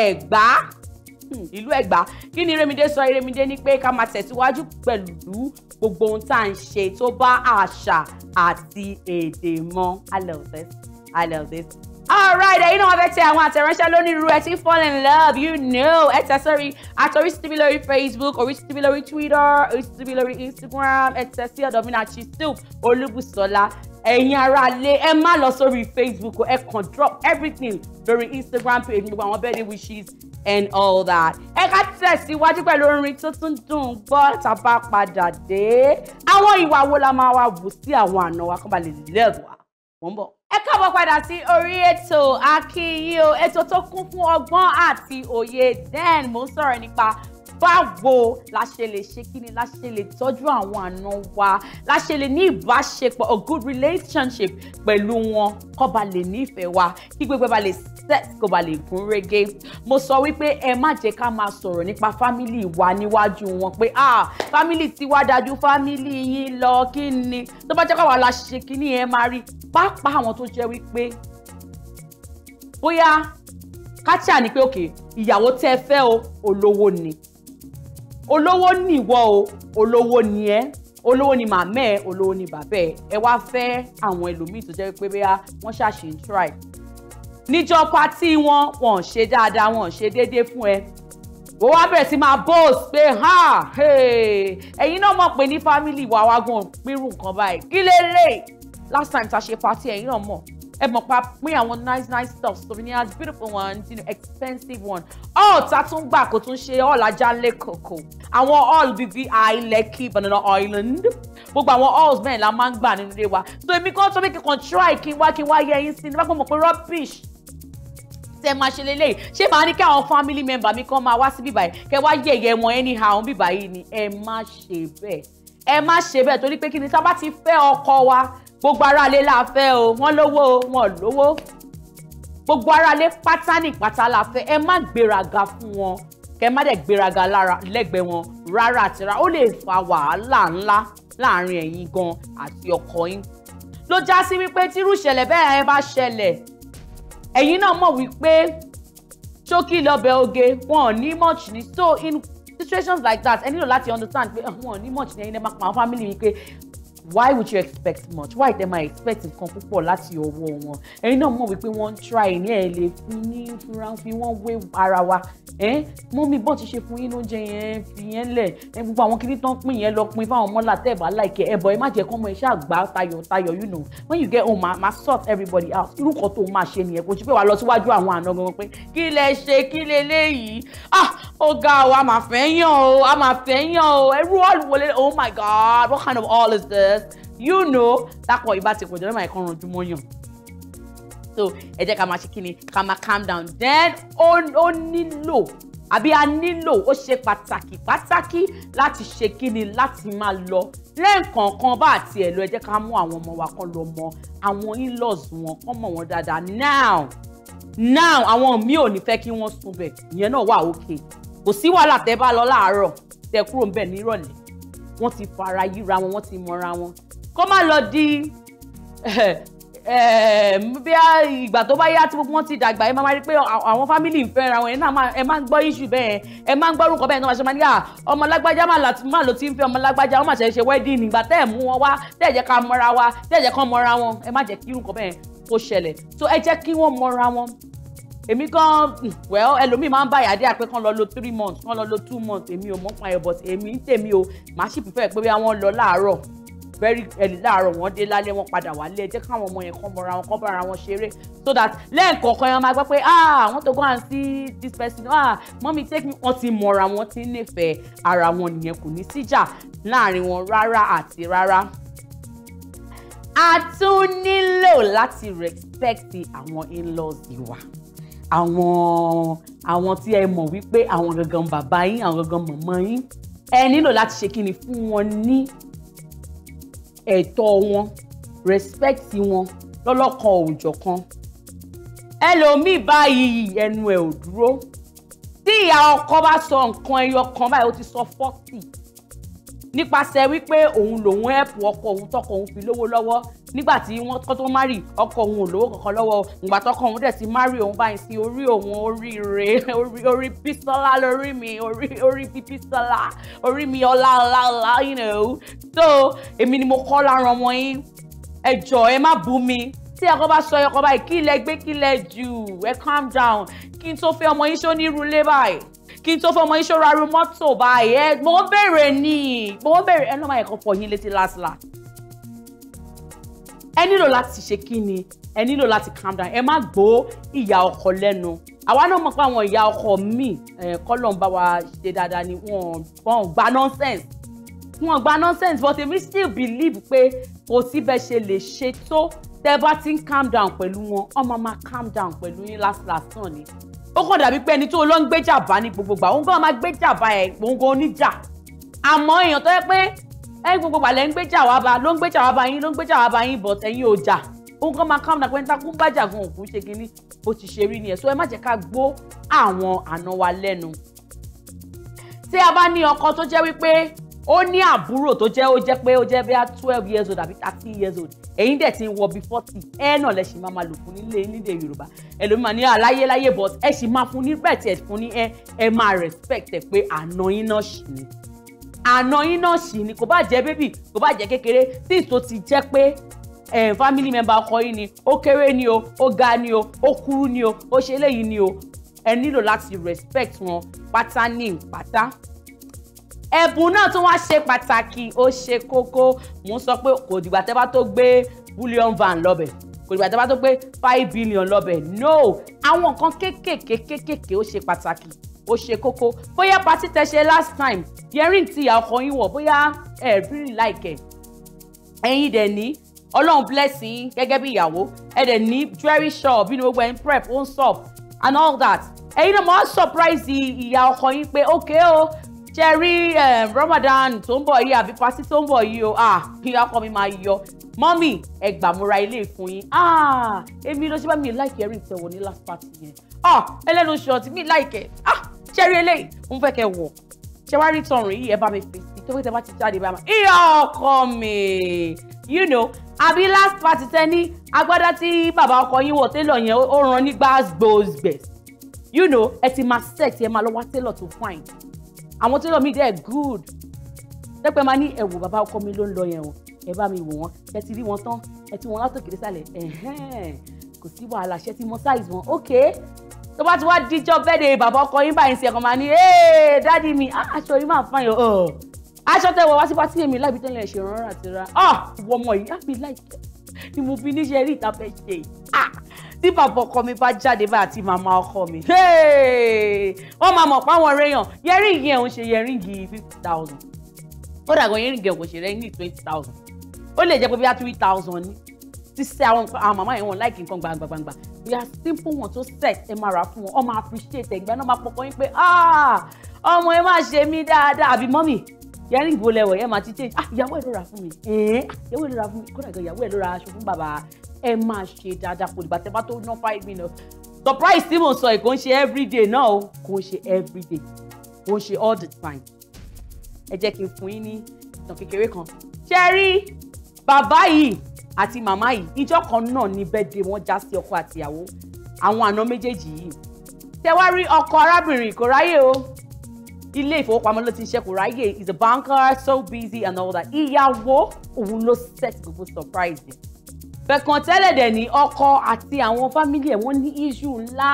ẹ̀gbá hmm, ìlú ẹ̀gbá kí ni iremide sọ iremide ní pé ká máa tẹ̀síwájú pẹ̀lú gbogbo ohun tá à ń ṣe tó bá àṣà àti èdè mọ́ i love this i love this alright ẹ̀yin náà wọ́n fẹ́ tẹ àwọn àtẹ̀ránṣẹ́ lónírú ẹ ti ń fall in love you know ẹ tẹ sórí àti Orísun TV lórí Facebook Orísun TV lórí Twitter Orísun TV lórí Instagram ẹ tẹ sí ọ̀dọ̀ mi náà Chisilp Olúbùsọ́lá ẹ̀yin aráalé ẹ má lọ sórí Facebook ẹ kàn drop everything lórí Instagram page gbogbo àwọn bẹ́ẹ̀ ni wishes and all that. ẹ ká tẹ̀síwájú pẹ̀lú orin tó tún dùn gbọ́ tàbá padà dé. àwọn ìwà wo la máa wá wù sí àwọn àna wa kó ba lè lẹ́ẹ̀dùn wa. wọ́n bọ̀ ẹ káàbọ̀ padà sí orí ètò AkiiYin o ètò tó kún fún ọgbọ́n àti òye den mo ń sọ̀rọ̀ nípa báwo la ṣe lè ṣe kí ni la ṣe lè tọ́jú àwọn àna wa la ṣe lè ní ìbáṣepọ̀ a good relationship pẹ̀lú wọn kó ba lè nífẹ̀ẹ́ wa kí gbogbo ba lè set kó ba lè gún régé mo sọ wípé ẹ má jẹ́ ká máa sọ̀rọ̀ nípa fámìlì wa níwájú wọn pé ah fámìlì tiwa dájú fámìlì yín lọ kí ni tó bá jẹ́ káwa la ṣe kí ni ẹ máa rí pápá àwọn tó jẹ́ wípé bóyá kátíà ni pé òkè ìyàwó tẹ́ fẹ́ o olówó ni olówó ni ìwọ o olówó ni ẹ olówó ni màmá ẹ olówó ni bàbá ẹ ẹ wá fẹ́ àwọn ẹlòmíì tó jẹ́ pé bẹ́ẹ̀ wọ́n ṣàṣì ń try níjọ́ pátì wọn wọn ṣe dáadáa wọn ṣe déédéé fún ẹ wọ́n wá bẹ̀rẹ̀ sí máa bọ́ọ̀s pé ẹ̀yin náà mọ̀ pé ní fámìlì wa wá gan pírù nǹkan báyìí kí lè lè last time ta ṣe pátì ẹ̀yin náà mọ̀ ẹ mọ̀ pa pín àwọn nice nice stuff So many souvenirs beautiful ones you know, expensive ones all ta tún gbà kó tún ṣe all ajánlé kòkó àwọn all bíbí àìlẹ́kì banana island gbogbo àwọn halls bẹ́ẹ̀ la máa ń gbà nínú ilé wa so èmi kan tó bí kíkan try kí n wá kí n wá yẹ yín sí ní bá gbọ́n mọ̀ pé rubbish tẹ máa ṣe lélẹ̀ ṣé màá ní kí àwọn family member mi kan máa wá sí bíbáyìí kẹ wá yẹ̀yẹ́ wọn anyhow bíbáyìí ni ẹ má ṣe bẹ́ẹ̀ ẹ má ṣe bẹ́ẹ̀ torí pé kí ni sábà ti fẹ́ ọkọ wa gbogbo aráalé la fẹ́ o wọ́n lówó o wọ́n lówó gbogbo aráalé pátá ní pátá la fẹ́ ẹ má gbéraga fún wọn kẹ má dẹ̀ gbéraga lára lẹ́gbẹ̀ẹ́ wọn rárá àti rárá ó lè fa wàhálà ńlá láàrin ẹ̀yin gan àti ọkọ yín ló já sí wípé tírú ìṣẹ̀lẹ̀ bẹ́ẹ̀ ẹ bá ṣẹlẹ̀ ẹ̀yin náà mọ̀ wípé ṣókí lọ́bẹ̀ oge wọn ò ní much ni so in situations like that ẹ nílò láti understand pé wọn ò ní much ni ẹ̀yin ẹ máa pa àwọn family mi pé why would you expect much why dem i expect nǹkan púpọ̀ láti ọwọ́ wọn ẹ̀yin náà mọ̀ wípé wọ́n ń try ní ẹ̀ lè fún ní fúnra fi wọ́n wé ara wa mọ́mí bọ́ọ̀ ti ṣe fún yín lóúnjẹ yẹn fi yẹn lẹ̀ gbogbo àwọn kiri tán pín yẹn lọ pín fáwọn mọ́là tẹ́ ẹ̀ bá láìkẹ́ ẹ̀ bọ̀ ẹ má jẹ́ kọ́mọ iṣẹ́ àgbà tayọ̀ tayọ̀ you know when you get home ma ma sort everybody out irú kan tó máa ṣe nìyẹn kò sí pé wàá lọ síwájú àwọn àna gan pé kí lẹ ṣe kí lẹ léyìí ah ọ̀gá o a máa fẹ́ yàn o a máa fẹ́ yàn o ẹrú ọ̀lùwọlé oh my god what kind of all is this because you know lápò ìbá ti pọ̀jọ́ lọ́mọ ẹ̀kan ràn jùmọ̀ yàn so ẹ jẹ́ ká máa ṣe kíni ká máa calm down then ó nílò àbí a nílò ó ṣe pàtàkì pàtàkì láti ṣe kíni láti máa lọ lẹ́ẹ̀kọ̀ọ̀kan bá àti ẹ̀ lọ ẹ jẹ́ ká mú àwọn ọmọ wa kán lọ mọ àwọn in-laws wọn kán mọ̀ wọn dáadáa now now àwọn míì ò ní fẹ́ kí wọ́n sùn bẹ̀ ìyẹn náà wà òkè kò sí wàhálà tẹ́ bá lọ láàárọ̀ tẹ́ kúrò ń bẹ̀ nírọ̀lẹ́ wọ́n ti fara yíra wọn wọ́n ti mọra wọn kó má lọ di bí ìgbà tó bá yá tí gbogbo wọn ti dàgbà ẹ máa rí pé àwọn fámìlì ń fẹ́ra wọn ẹ náà ẹ máa ń gbọ́ iṣu bẹ́ẹ̀ ẹ máa ń gbọ́ orúkọ bẹ́ẹ̀ náà wọ́n ṣe máa ní à ọmọ lágbájá máa ló ti ń fẹ́ ọmọ lágbájá wọ́n máa ṣe ṣe wedding nígbà tẹ́ ẹ̀ mú wọn wá tẹ́ ẹ̀ jẹ́ ká mọ́ra wa tẹ́ ẹ̀ jẹ́ ká mọ́ra wọn ẹ má jẹ́ kí irú bẹ́ẹ̀ kó ṣẹlẹ̀ so ẹ jẹ́ kí wọ́n mọ́ra wọn èmi gan hmm, well ẹlòmíì máa ń bá ìyáde àpé kán lọ lo three months kán lọ lo two months èmi ò mọ̀ pa ẹ̀ but èmi ń tèmi o màá sì prefer pé wọ́n lọ láàárọ̀ very early láàárọ̀ wọ́n dé lálẹ́ wọ́n padà wálé ẹ jẹ́ káwọn ọmọ yẹn kán mọra wọn kán bára wọn ṣeré so that lẹ́ẹ̀kọ̀ọ̀kan yẹn máa gbọ́ pé ah I want to go and see this person ah mommy take me wọ́n ti mọra wọn ti nífẹ̀ẹ́ ara wọn nìyẹn kò ní síjà láàrin wọn rárá àti rárá a tún nílò láti respect àwọn in-laws ìwà àwọn àwọn tí ẹ mọ̀ wípé àwọn gangan bàbá yín àwọn gangan mọ̀mọ́ yín ẹ nílò láti ṣe kíni fún wọn ní ẹ̀tọ́ wọn respect wọn lọ́lọ́kan òòjọ̀kan ẹlòmíì báyìí ẹnu ẹ̀ ò dúró tí ìyá ọkọ bá sọ nǹkan ẹyọ kan báyìí ó ti sọ fọ́tì nípasẹ̀ wípé òun lòun ẹ̀pù ọkọ òun tọkọ òun fi lówó lọ́wọ́ nígbà tí wọ́n kọ́ tó márì ọkọ òun ò lówó kankan lọ́wọ́ ìgbà tọkọ òun dẹ̀ ti márì òun báyìí sí orí òun orí re orí orí bísọ́lá lórí mi orí orí bísọ́lá orí mi ọlá ọlá ọlá you know so èmi ni mo kọ́ lára ọmọ yín ẹ jọ ẹ má bú mi tí ẹkọ bá sọ ẹkọ báyìí kí ilẹ̀ gbé kí ilẹ̀ jù ẹ calm down kí n tó fẹ́ ọmọ yín ṣó ní irú ilé báyìí kí n tó fẹ́ ọmọ yín ṣó ra irú mọ́tò báyìí ẹ mo bèrè ni mo bèrè ẹ lọ́mọ ẹ̀kọ́ pọ̀ yín létí last last ẹ nílò láti ṣe kí ni ẹ nílò láti calm down ẹ má gbọ́ ìyá ọkọ lẹ́nu àwa náà mọ̀ pé àwọn ìyá ọkọ míì kọ́lọ̀ ń bá wa ṣe dáadáa ni wọ́n gba nonsense wọ́n gba nonsense but èmi still believe pé kò sí bẹ́ẹ̀ ṣe lè ṣe tó tẹ́ bá ti ń calm down pẹ̀lú wọn ọmọ máa calm down pẹ̀lú yín last last náà ni ó kàn dàbí pé ẹni tó ló ń gbéjà bá ní gbogbo gbà òun gan máa gbéjà bá ẹ òun oníjà àmọ́ èèyàn tó yẹ pé ẹ gbogbo wàlẹ̀ ń gbéjà wá bá ló ń gbéjà wá bá yín ló ń gbéjà wá bá yín bọ̀t ẹ̀yin ò jà òun kan máa kàn náà pé ń takú bàjà gan òkú ṣe kínní bó ti ṣe rí nìyẹn so ẹ má jẹ́ ká gbọ́ àwọn àna wa lẹ́nu. tí a bá ní ọkọ tó jẹ́ wípé ó ní àbúrò tó jẹ́ ó jẹ́ pé ó jẹ́ bí i twelve years old àbí thirty years old ẹ̀yin dẹ̀ ti ń wọ bí forty ẹ náà lẹ ṣì máa máa lò fún nílé nílé yorùbá ẹlòmíì ní aláyé láyé but ẹ ṣì máa fún ní bẹ̀tẹ̀ fún ní ẹ ẹ máa respect ẹ pé àna yín náà ṣì ni àna yín náà sì ni kò bá jẹ́ bébì kò bá jẹ́ kékeré tí ìtò ti jẹ́ pé eh, family member ọkọ yín ni ó kéré ni o ó ga ni o ó kúrú ni o ó ṣe eléyìí ni o ẹ nílò láti respect wọn pátá ní ìpátá ẹ̀bùn náà tún wá ṣe pàtàkì ó ṣe kókó mò ń sọ pé kò dìgbà tẹ́ bá tó gbé bullion van lọ́bẹ̀ kò dìgbà tẹ́ bá tó gbé five billion lọ́bẹ̀ no àwọn nǹkan kéékèèké kéékèèké ó ṣe pàtàkì ó ṣe kókó bóyá patí tẹ ṣe last time yẹrìn tí ìyá ọkọ yín wọ̀ bóyá ẹ rírì láìkẹ̀ ẹ̀yin dẹ̀ ní ọlọ́run bless yín gẹ́gẹ́ bí ìyàwó ẹ dẹ̀ ní jewelry shop bí ni gbogbo ẹ̀ ń prep own ń shop and all that ẹ̀yin náà máa surprise ìyá ọkọ yín pé okay o ṣe rí eh, Ramadan tó ń bọ̀ yìí àbí patí tó ń bọ̀ yìí o ah ìyá ọkọ mi máa yọ mọ́mì ẹgbàmúra ilé ìfún yín ah èmi ló ṣe bá mi láìkí ẹ̀rí ìtẹ̀wọ̀ ní last party yẹn Ah, ẹlẹ́nu ṣọ̀tì mi láìkẹ́ ah, ṣẹ́rí eléyìí mo fẹ́ kẹ́ wọ̀ ṣe wá rí tọrùn yìí ẹ bá mi fèsì tó fẹ́ bá ti jáde bá ma ìyá ọkọ mi you know àbí last party tẹ ní agbádá tí bàbá ọkọ yín wọ̀ tẹ́lọ̀ yẹn ó ràn ní gbàgbọ́sgbẹ̀s you know ẹ ti máa set ẹ máa lọ wá tẹ́lọ̀ tó fine àwọn tẹ́lọ̀ mi dẹ̀ good lẹ́pẹ́ máa ní ẹ̀wò bàbá ọkọ mi ló ń lọ yẹn o ẹ bá mi wò wọ́n ẹ ti rí wọn tán ẹ ti wọn látòkè désàlẹ̀ ẹ̀hẹ́n kò sí wàhálà ṣe ti mọ size wọn ok tó bá ti wá díjọ́ bẹ́ẹ̀dẹ̀ bàbá ọkọ yín báyìí sí ẹ̀kan máa ní ee dádì mi ah, aṣọ yìí máa fún yàn ọ̀ aṣọ tẹ wọ wá sí pátí èmi láìpẹ́ tẹ́lẹ̀ ṣe rán àti ra ọ̀ ah, wọ ọmọ yìí àbí láìpẹ́ ni mo fi níṣẹ́ rí ìta fẹ́ ṣe ah, tí bàbá ọkọ mi bá jáde báyìí àti màmá ọkọ mi wọ́n máa mọ̀ páwọn rẹ̀yàn yẹrí ìyẹn òun ṣe yẹrí yìí fifty thousand ó dàgbọ́ yẹrí ìyẹn òun ṣe rẹ̀ ní twenty thousand ó lè jẹ́ pé bí i three thousand ní sísẹ àwọn àwọn màmá yẹn wọn láìkí nǹkan gbàngbàngbà we are simple wọn tó set ẹ máa ra fún wọn ọmọ appreciate ẹgbẹ́ náà máa pọpọ yín pé ah, ọmọ ẹ máa ṣe mí dáadáa àbí mọ́mì yẹrin ìbò lẹwọ yẹn máa ti change ah ìyàwó ẹ ló ra fún mi ah, ìyàwó ẹ ló ra fún mi kódà gan ìyàwó ẹ ló ra aṣọ fún bàbá ẹ máa ṣe dáadáa kò dìgbà tẹ bá tó ná five minutes surprise tí mo sọ ẹ kò ń ṣe everyday náà o kò ń ṣe everyday kò ń ṣe all the time ẹ jẹ́ kí n fún yín ní ìtàn kékeré kan ṣe bàbá yìí àti màmá yìí ìjọ kan náà ní bẹ́ẹ̀dẹ̀ wọn já sí ọkọ àtìyàwó àwọn àna méjèèjì yìí tẹwárí ọkọ arábìnrin kò ráyè o ilé ìfowópamọ́ ló ti ṣe kò ráyè is a banker so busy and all that ìyàwó òun ló set gbogbo surprise yẹn bẹ̀kàn tẹ́lẹ̀ dẹ̀ ní ọkọ àti àwọn fámìlì ẹ̀ wọ́n ní issue ńlá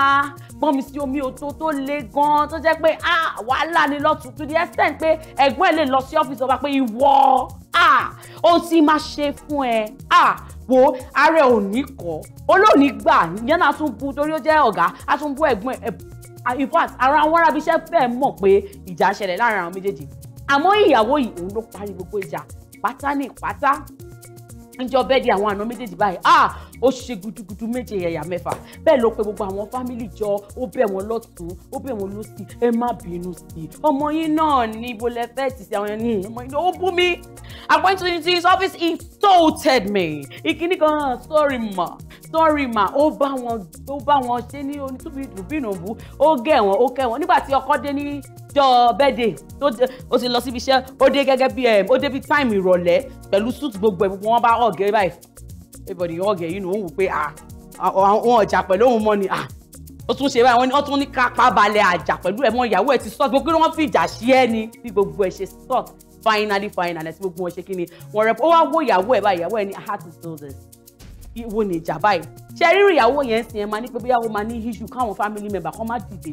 gbọ́n mi sí omi òtó tó le gan-an tó jẹ́ pé ah, wàhálà ni lọ́tún to the extent pé ẹ̀gbọ́n ẹ̀ lè lọ sí ọ́fíìsì ọba pé ìwọ ah, ó ti máa ṣe fún ẹ ah, wo ààrẹ ò ní kọ́ olóòní gbà ìyẹn náà tún bu torí ó jẹ́ ọ̀gá a tún bu ẹ̀gbọ́n ẹ̀ in fact ara àwọn arábíṣẹ́ fẹ́ mọ̀ pé ìjà ṣẹlẹ̀ láàrin àwọn méjèèjì àmọ́ ìyàwó yìí òun ló parí gbogbo ìjà pátá ní pátá ń jọ bẹ́ẹ̀ di àwọn àna méjèèjì báyìí ó ṣe gudugudu méje yẹ̀yà mẹ́fà bẹ́ẹ̀ ló pe gbogbo àwọn fámìlì jọ ó bẹ̀ wọ́n lọ́tún ó bẹ̀ wọ́n lọ́sì ẹ má bínú sí i ọmọ yín náà ní ibo lẹ fẹ́ ti àwọn ẹni ọmọ yín náà ó bú mi I went to his office he insulted me ìkíní kan sorry ma sorry ma ó bá wọn ó bá wọn ṣe ní onítúbí dùbínùbù ó gẹ̀ wọ́n ó kẹ́ wọ́n nígbà tí ọkọ dé ní jọ bẹ́ẹ̀dẹ̀ ó ti lọ síbi iṣẹ́ ó dé gẹ́gẹ́ bí um, ó dé bí táìmù ìrọ̀lẹ́ pẹ̀lú suit gbogbo ẹ̀ gbogbo wọn bá ọ̀gẹ́ báyìí everybody hug ẹ̀ yìí nù ó wù pé àwọn ọjà pẹ̀lú òun mọ́ ni ah. ó tún ṣe báyìí wọ́n tún ní kápá balẹ̀ àjà pẹ̀lú ẹ̀mọ́ ìyàwó ẹ̀ ti stop gbogbo wọn fi ìjà sí ẹ ni bí gbogbo ẹ̀ ṣe stop finally finally àti gbogbo wọn ṣe kí ni wọn rẹ ó wá wó ìyàwó ẹ̀ báyìí ìyàwó ẹ̀ ní i had to do this ìwo ni ìjà báyìí ṣe rírì ìyàwó yẹn sì yẹn máa ní pé bóyá ó máa ní issue káwọn family member kan má dìde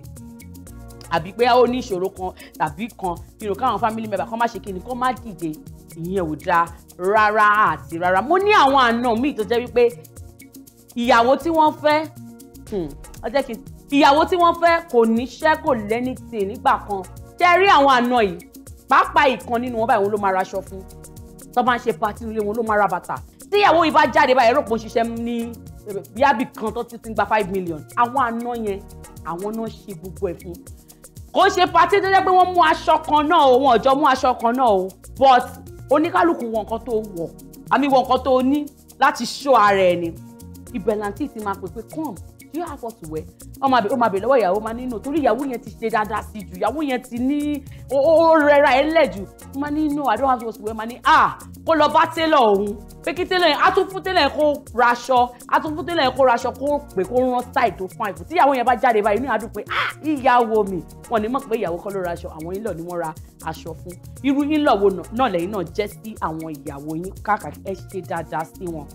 àbí pé ó ní ìṣòro kan tàbí kan káwọn family member kan má ṣe kí ni kó má dìde àǹtí yẹn ò dáa rárá àti rárá mo ní àwọn àna míì tó jẹ́ wípé ìyàwó tí wọ́n fẹ́ hmm, ó jẹ́ kí ìyàwó tí wọ́n fẹ́ kò níṣẹ́ kò lẹ́ni tì nígbà kan ṣe rí àwọn àna yìí pàápàá ìkan nínú wọn báyìí wọn ló máa raṣọ fún tó máa ń ṣe pàtí nílé wọn ló máa ra bàtà tíyàwó yìí bá jáde báyìí rò pé ó ṣiṣẹ́ ní yábì kan tó ti ti ń gba five million àwọn àna yẹn àwọn náà ṣe gbogbo ẹ̀ fún kò ṣe pàtí tó jẹ́ pé wọ́n mú aṣọ kan náà o wọn ò jọ mú aṣọ kan náà o but oníkálukú wọn nǹkan tó wọ̀ àmì wọn nǹkan tó ní láti ṣọ́ ara ẹni ìbẹ̀làntì ti máa pè come do you have what to wear ọmọ àbẹ ọmọ àbẹ lọ́wọ́ ìyàwó máa nínú torí ìyàwó yẹn ti ṣe dáadáa sí jù ìyàwó yẹn ti ní ó rẹra ẹ lẹ́jù ó máa nínú I don't have what to wear máa ní à ah, kó lọ bá télọ̀ òun pé kí télọ̀ yẹn á tún fún télọ̀ yẹn kó raṣọ á tún fún télọ̀ yẹn kó raṣọ kó pè kó rán style tó fún àìfò tí ìyàwó yẹn bá jáde báyìí inú àdùn pé à ah, ìyàwó mi wọn ní mọ̀ pé ìyàwó kọ́ ló raṣọ àwọn ilọ̀ ni wọ́n ra aṣọ fún irú ilọ̀ wo náà lẹ́yìn náà jẹ́ sí àwọn ìyàwó yín káàkiri ẹ ṣe dáadáa sí wọn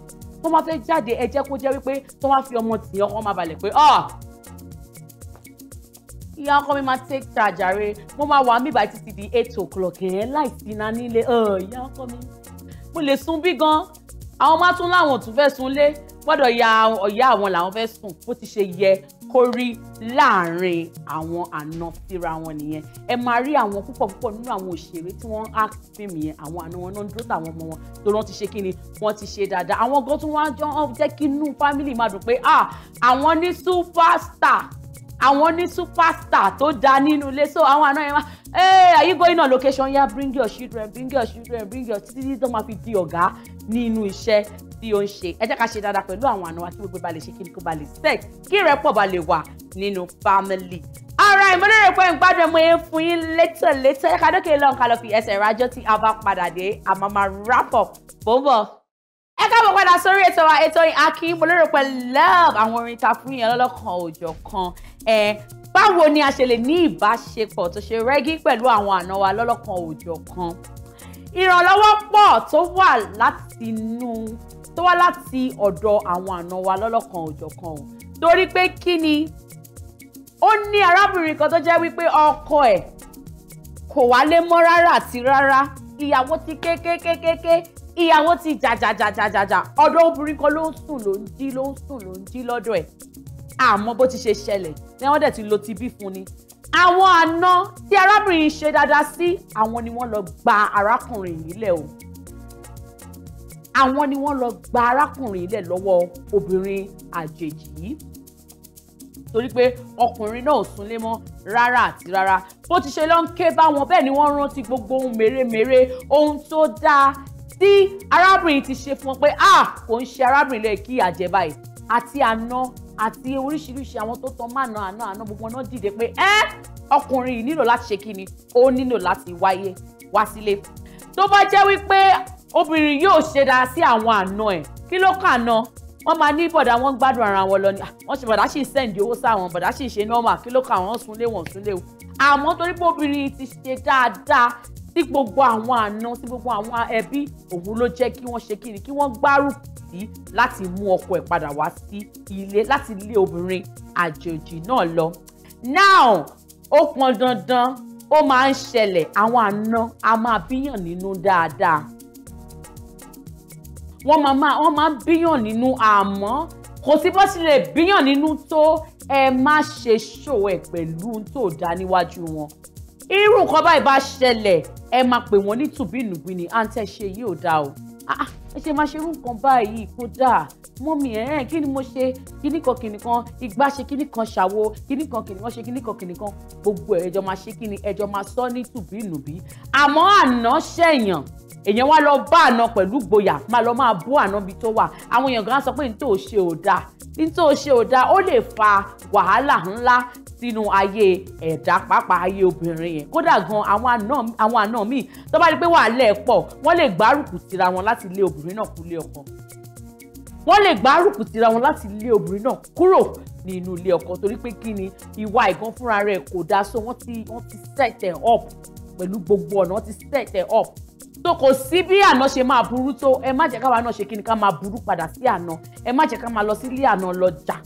tó máa fẹ́ jáde ẹ jẹ́ kó jẹ́ wípé tó máa fi ọmọ tìyàn ọkọ máa balẹ̀ pé ah ìyá ọkọ mi máa take charge àre mo máa wà mìíràn títí di eight o'clock ẹ̀ láìsí iná nílé ìyá ọkọ mi mo lè sùn bí gan àwọn máa tún láwọn tún fẹ́ sùn lé gbọ́dọ̀ ya ọ̀yá àwọn làwọn fẹ́ sùn bó ti ṣe yẹ kó rí láàrin àwọn àna síra wọn nìyẹn ẹ máa rí àwọn púpọ̀ púpọ̀ nínú àwọn òṣèré tí wọ́n á fíìmù yẹn àwọn àna wọn náà ń dúró táwọn ọmọ wọn tó wọ́n ti ṣe kí ni wọ́n ti ṣe dáadáa àwọn gan tún wá jẹ́ kí inú fámìlì máa dùn pé ah àwọn ní superstar àwọn ní superstar tó da nínú ilé so àwọn àna yẹn máa hey are you going on location yeah bring your children bring your children bring your títí tó máa fi di ọ̀gá nínú iṣẹ́ bí ó ń ṣe ẹ jẹ́ ká ṣe dáadáa pẹ̀lú àwọn àna wa kí gbogbo ba lè ṣe kí ni kó ba lè sex kí ìrẹ́pọ̀ ba lè wà nínú family. ara ẹ̀ mo lérò pé ń gbádùn ẹ̀mọ yẹn fún yín létòlétò ẹ̀ka dókè lọ́n ká lọ fi ẹsẹ̀ rájọ́ tí a bá padà dé àmọ́ máa wrap up bọ́bọ̀. ẹ káàbọ̀ padà sórí ètò wa ètò yìí akin mo lérò pé love àwọn orin ta fún yẹn lọ́lọ́kan òòjọ́ kan ẹ báwo ni a ṣe lè ní ìbáṣepọ̀ tó ṣe rẹ́gí pẹ̀lú àwọn àna wa lọ́lọ́kan òòjọ́ kan ìrànlọ́wọ́ pọ̀ tó wà látinú tó wá láti ọ̀dọ̀ àwọn àna wa lọ́lọ́kan òjọ̀kan o torí pé kí ni ó ní arábìnrin kan tó jẹ́ wípé ọkọ ẹ̀ kò wálé mọ́ rárá àti rárá ìyàwó ti kékékékéké ìyàwó ti jàjàjàjàjà ọ̀dọ̀ obìnrin kan ló ń sùn ló ń jí ló ń sùn ló ń jí lọ́dọ̀ ẹ̀ àmọ́ bó ti ṣe ṣẹlẹ̀ ni wọ́n dẹ̀ ti lo ti bí fún ni àwọn àna tí arábìnrin ṣe dáadáa sí àwọn ni wọ́n lọ gba arákùnrin nílẹ̀ o àwọn ni wọ́n lọ gba arákùnrin ilẹ̀ lọ́wọ́ obìnrin àjèjì yìí torí pé ọkùnrin náà ò súnlé mọ́ rárá àti rárá bó ti ṣe lọ ké báwọn bẹ́ẹ̀ ni wọ́n rántí gbogbo ohun mèremère ohun tó dáa tí arábìnrin ti ṣe fún wọn pé ah kò ń ṣe arábìnrin lẹ́yìn kí àjẹbá yìí àti àná àti oríṣiríṣi àwọn tó tan máa na àná àná gbogbo náà dìde pé ẹ ọkùnrin yìí nílò láti ṣe kí ni ó nílò láti wáyé wá sílé tó bá jẹ́ wípé obìnrin yóò ṣe dáa sí àwọn àna ẹ̀ kí ló kàn náà wọ́n máa ní bọ̀dá wọ́n gbádùn ara wọn lọ ni ah, wọ́n ṣe bọ̀dá sì ń sẹ́ǹdì owó sáwọn bọ̀dá sì ṣe nọ́ọ̀mà kí ló kà wọ́n súnlé wọ́n súnlé o àmọ́ torí pé obìnrin ti ṣe dáadáa sí gbogbo àwọn àna sí gbogbo àwọn ẹbí òun ló jẹ́ kí wọ́n ṣe kí ni kí wọ́n gbárùkù sí láti mú ọkọ ẹ̀ padà wá sí ilé láti lé obìnrin àjòjì náà lọ. now ó pọn dandan ó máa ń ṣẹlẹ̀ àwọn àna a máa bíyàn nínú dáadáa wọ́n máa máa wọ́n máa bíyàn nínú àmọ́ kò sí bó tilẹ̀ bíyàn nínú tó ẹ má ṣe ṣò ẹ̀ pẹ̀lú tó dá níwájú wọn irú nǹkan báyìí bá ṣẹlẹ̀ ẹ máa pè wọ́n ní tùbínùbínì à ń tẹ́ ṣe yìí ò dáa o ah, ah, ẹ ṣe máa ṣe irú nǹkan báyìí kó dáa mọ́mí ẹ̀ ẹ́ kí ni mo ṣe kíní kan kíní kan igbá ṣe kíní kan ṣàwo kíní kan kíní kan ṣe kíní kan kíní kan gbogbo ẹ̀ ẹjọ́ máa ṣe kíní ẹjọ́ máa sọ ní tùbínùbí àmọ́ àná ṣẹ̀yàn èèyàn wá lọ bá àná pẹ̀lú gboyà máa lọ máa bú àná bí tó wà àwọn èèyàn gan sọ pé ní tó o ṣe ò dáa ní tó o ṣe ò dáa ó lè fa wàhálà ńlá sínú ayé ẹ̀dá pàápàá ayé obìnrin yẹn kódà gan àwọn àná míì tó bá rí pé wàhálà ẹ̀ pọ̀ wọ́n lè gbárùkù tira wọn láti lé obìnrin náà kúlé ọkọ wọ́n lè gbárùkù tira wọn láti lé obìnrin náà kúrò ní inú ilé ọkọ torí pé kí ni ìwà ìgan fúnra rẹ̀ kò dáa so wọ́n ti wọ́n ti set up pẹ̀lú gbogbo ọ̀nà wọ́n ti set up so kò sí bí àná ṣe máa burú tó ẹ má jẹ́ káwa náà ṣe kí ni ká máa burú padà sí àná ẹ má jẹ́ ká máa lọ sílé àná lọ jà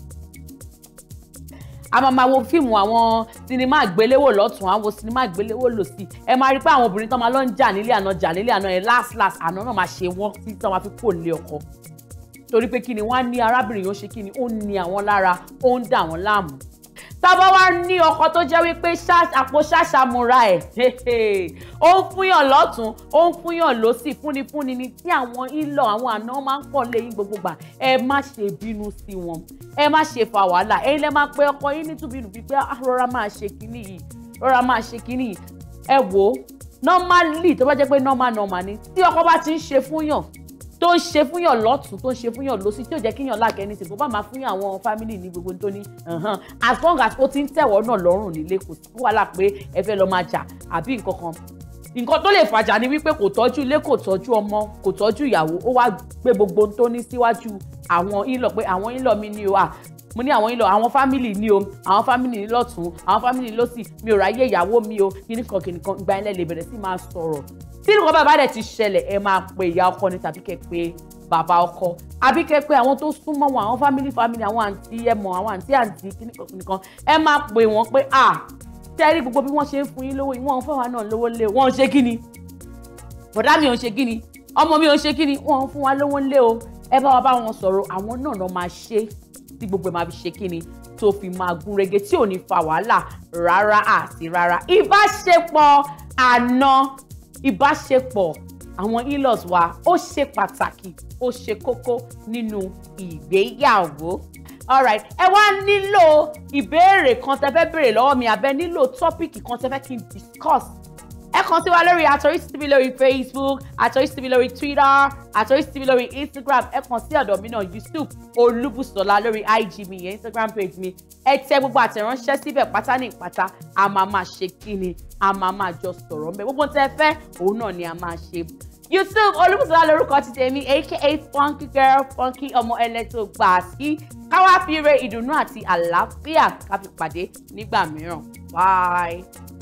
a máa máa wo fíìmù àwọn sinimá àgbéléwò lọ́tún àwọn sinimá àgbéléwò lòsì ẹ máa rí pé àwọn obìnrin tó máa lọ ń jà nílé àná jà nílé àná yẹn last last àná náà máa ṣe wọ́n tí tó máa fi kò lé ọkọ torí pé kí ni wọ́n á ní arábìnrin yóò ṣe kí ni ó ní àwọn lára ó ń dà wọ́n láàmú tábọ́ wá ní ọkọ tó jẹ́ wípé àpò ṣàṣàmúra ẹ̀ ó ń fúnyàn lọ́tún ó ń fúnyàn lọ́sì fúnnifúnni ni tí àwọn ìlọ̀ àwọn àna máa ń pọ̀ lẹ́yìn gbogbo gbà ẹ má ṣe bínú sí wọn ẹ má ṣe fà wàhálà ẹ̀yin lẹ máa pe ọkọ yín nítúbínú bíi pé ah, rọra máa ṣe kínní yìí rọra máa ṣe kínní yìí ẹ wò ó normally tó bá jẹ́ pé normal normal ni tí ọkọ bá ti ń ṣe fúnyàn tó ń ṣe fún yàn lọ́tún tó ń ṣe fún yàn lọ́sí tí ò jẹ́ kí yàn láàkẹ́ ní tìǹbù bá máa fún yàn àwọn fámìlì ní gbogbo tó ní as long as ó ti ń tẹ̀wọ́ náà lọ́rùn nílé kò sí wàhálà pé ẹ fẹ́ lọ́ọ́ máa jà àbí nǹkan kan nǹkan tó lè fàjà ni wípé kò tọ́jú ilé kò tọ́jú ọmọ kò tọ́jú ìyàwó ó wá gbé gbogbo tó ní síwájú àwọn ìlọ pé àwọn ìlọ mi ni o à mo ní àwọn yín lọ àwọn fámìlì ni o àwọn fámìlì lọ́tún àwọn fámìlì lọ́sì mi ò ráyè ìyàwó mi o ni kíníkan gba ẹ̀ lè bẹ̀rẹ̀ sí máa sọ̀rọ̀ tí nǹkan bàbá rẹ̀ ti ṣẹlẹ̀ ẹ máa pe ìyá ọkọ ni tàbí kẹ́ pé bàbá ọkọ àbí kẹ́ pé àwọn tó súnmọ́ wọn àwọn fámìlì fámìlì àwọn àǹtí ẹ mọ̀ àwọn àǹtí àǹtí kíníkan kíníkan ẹ máa pe wọn pé à tẹ́rí gbogbo bí wọ́n ṣe ń fún yín lówó ìwọ̀n fún wa náà lówó lé wọ́n ṣe kí ni bọ̀dá mi ò ń ṣe kí ni ọmọ mi ò ń ṣe kí ni wọ́n fún wa lówó lé o ẹ bá wa bá wọn sọ̀rọ̀ àwọn náà lọ́ máa ṣe tí gbogbo ẹ̀ máa fi ṣe kí ni tó fi máa gún régé tí ò ní fa wàhálà rárá àti rárá ìbáṣepọ̀ àna ìbáṣepọ̀ àwọn in-laws wa ó ṣe pàtàkì ó ṣe kókó nínú ìgbéyàwó alright ẹ wá nílò ìbéèrè kan tẹ fẹ́ béèrè lọ́wọ́ mi abẹ nílò tọ́pìkì kan tẹ fẹ́ kí n discuss ẹ kàn sí wa lórí àtọ́rísí tv lórí facebook àtọ́rísí tv lórí twitter àtọ́rísí tv lórí instagram ẹ kàn sí ọ̀dọ̀ mi náà yusuf olúbùsọ̀lá lórí ig mi yẹn instagram page mi ẹ tẹ gbogbo àtẹ̀ránṣẹ́ síbẹ̀ pátá ní ìpátá a máa máa ṣe kí ni a máa máa jọ sọ̀rọ̀ mbẹ́ gbogbo tẹ fẹ́ òun náà ni a máa ṣe yusuf olúbùsọ̀lá lórúkọ ti tèmi aka funky girl funky ọmọ ẹlẹ́tọ̀ gbàásí káwá fi re ìdùnnú àti àlàáfíà ká fi pàdé nígbà mìíràn bye.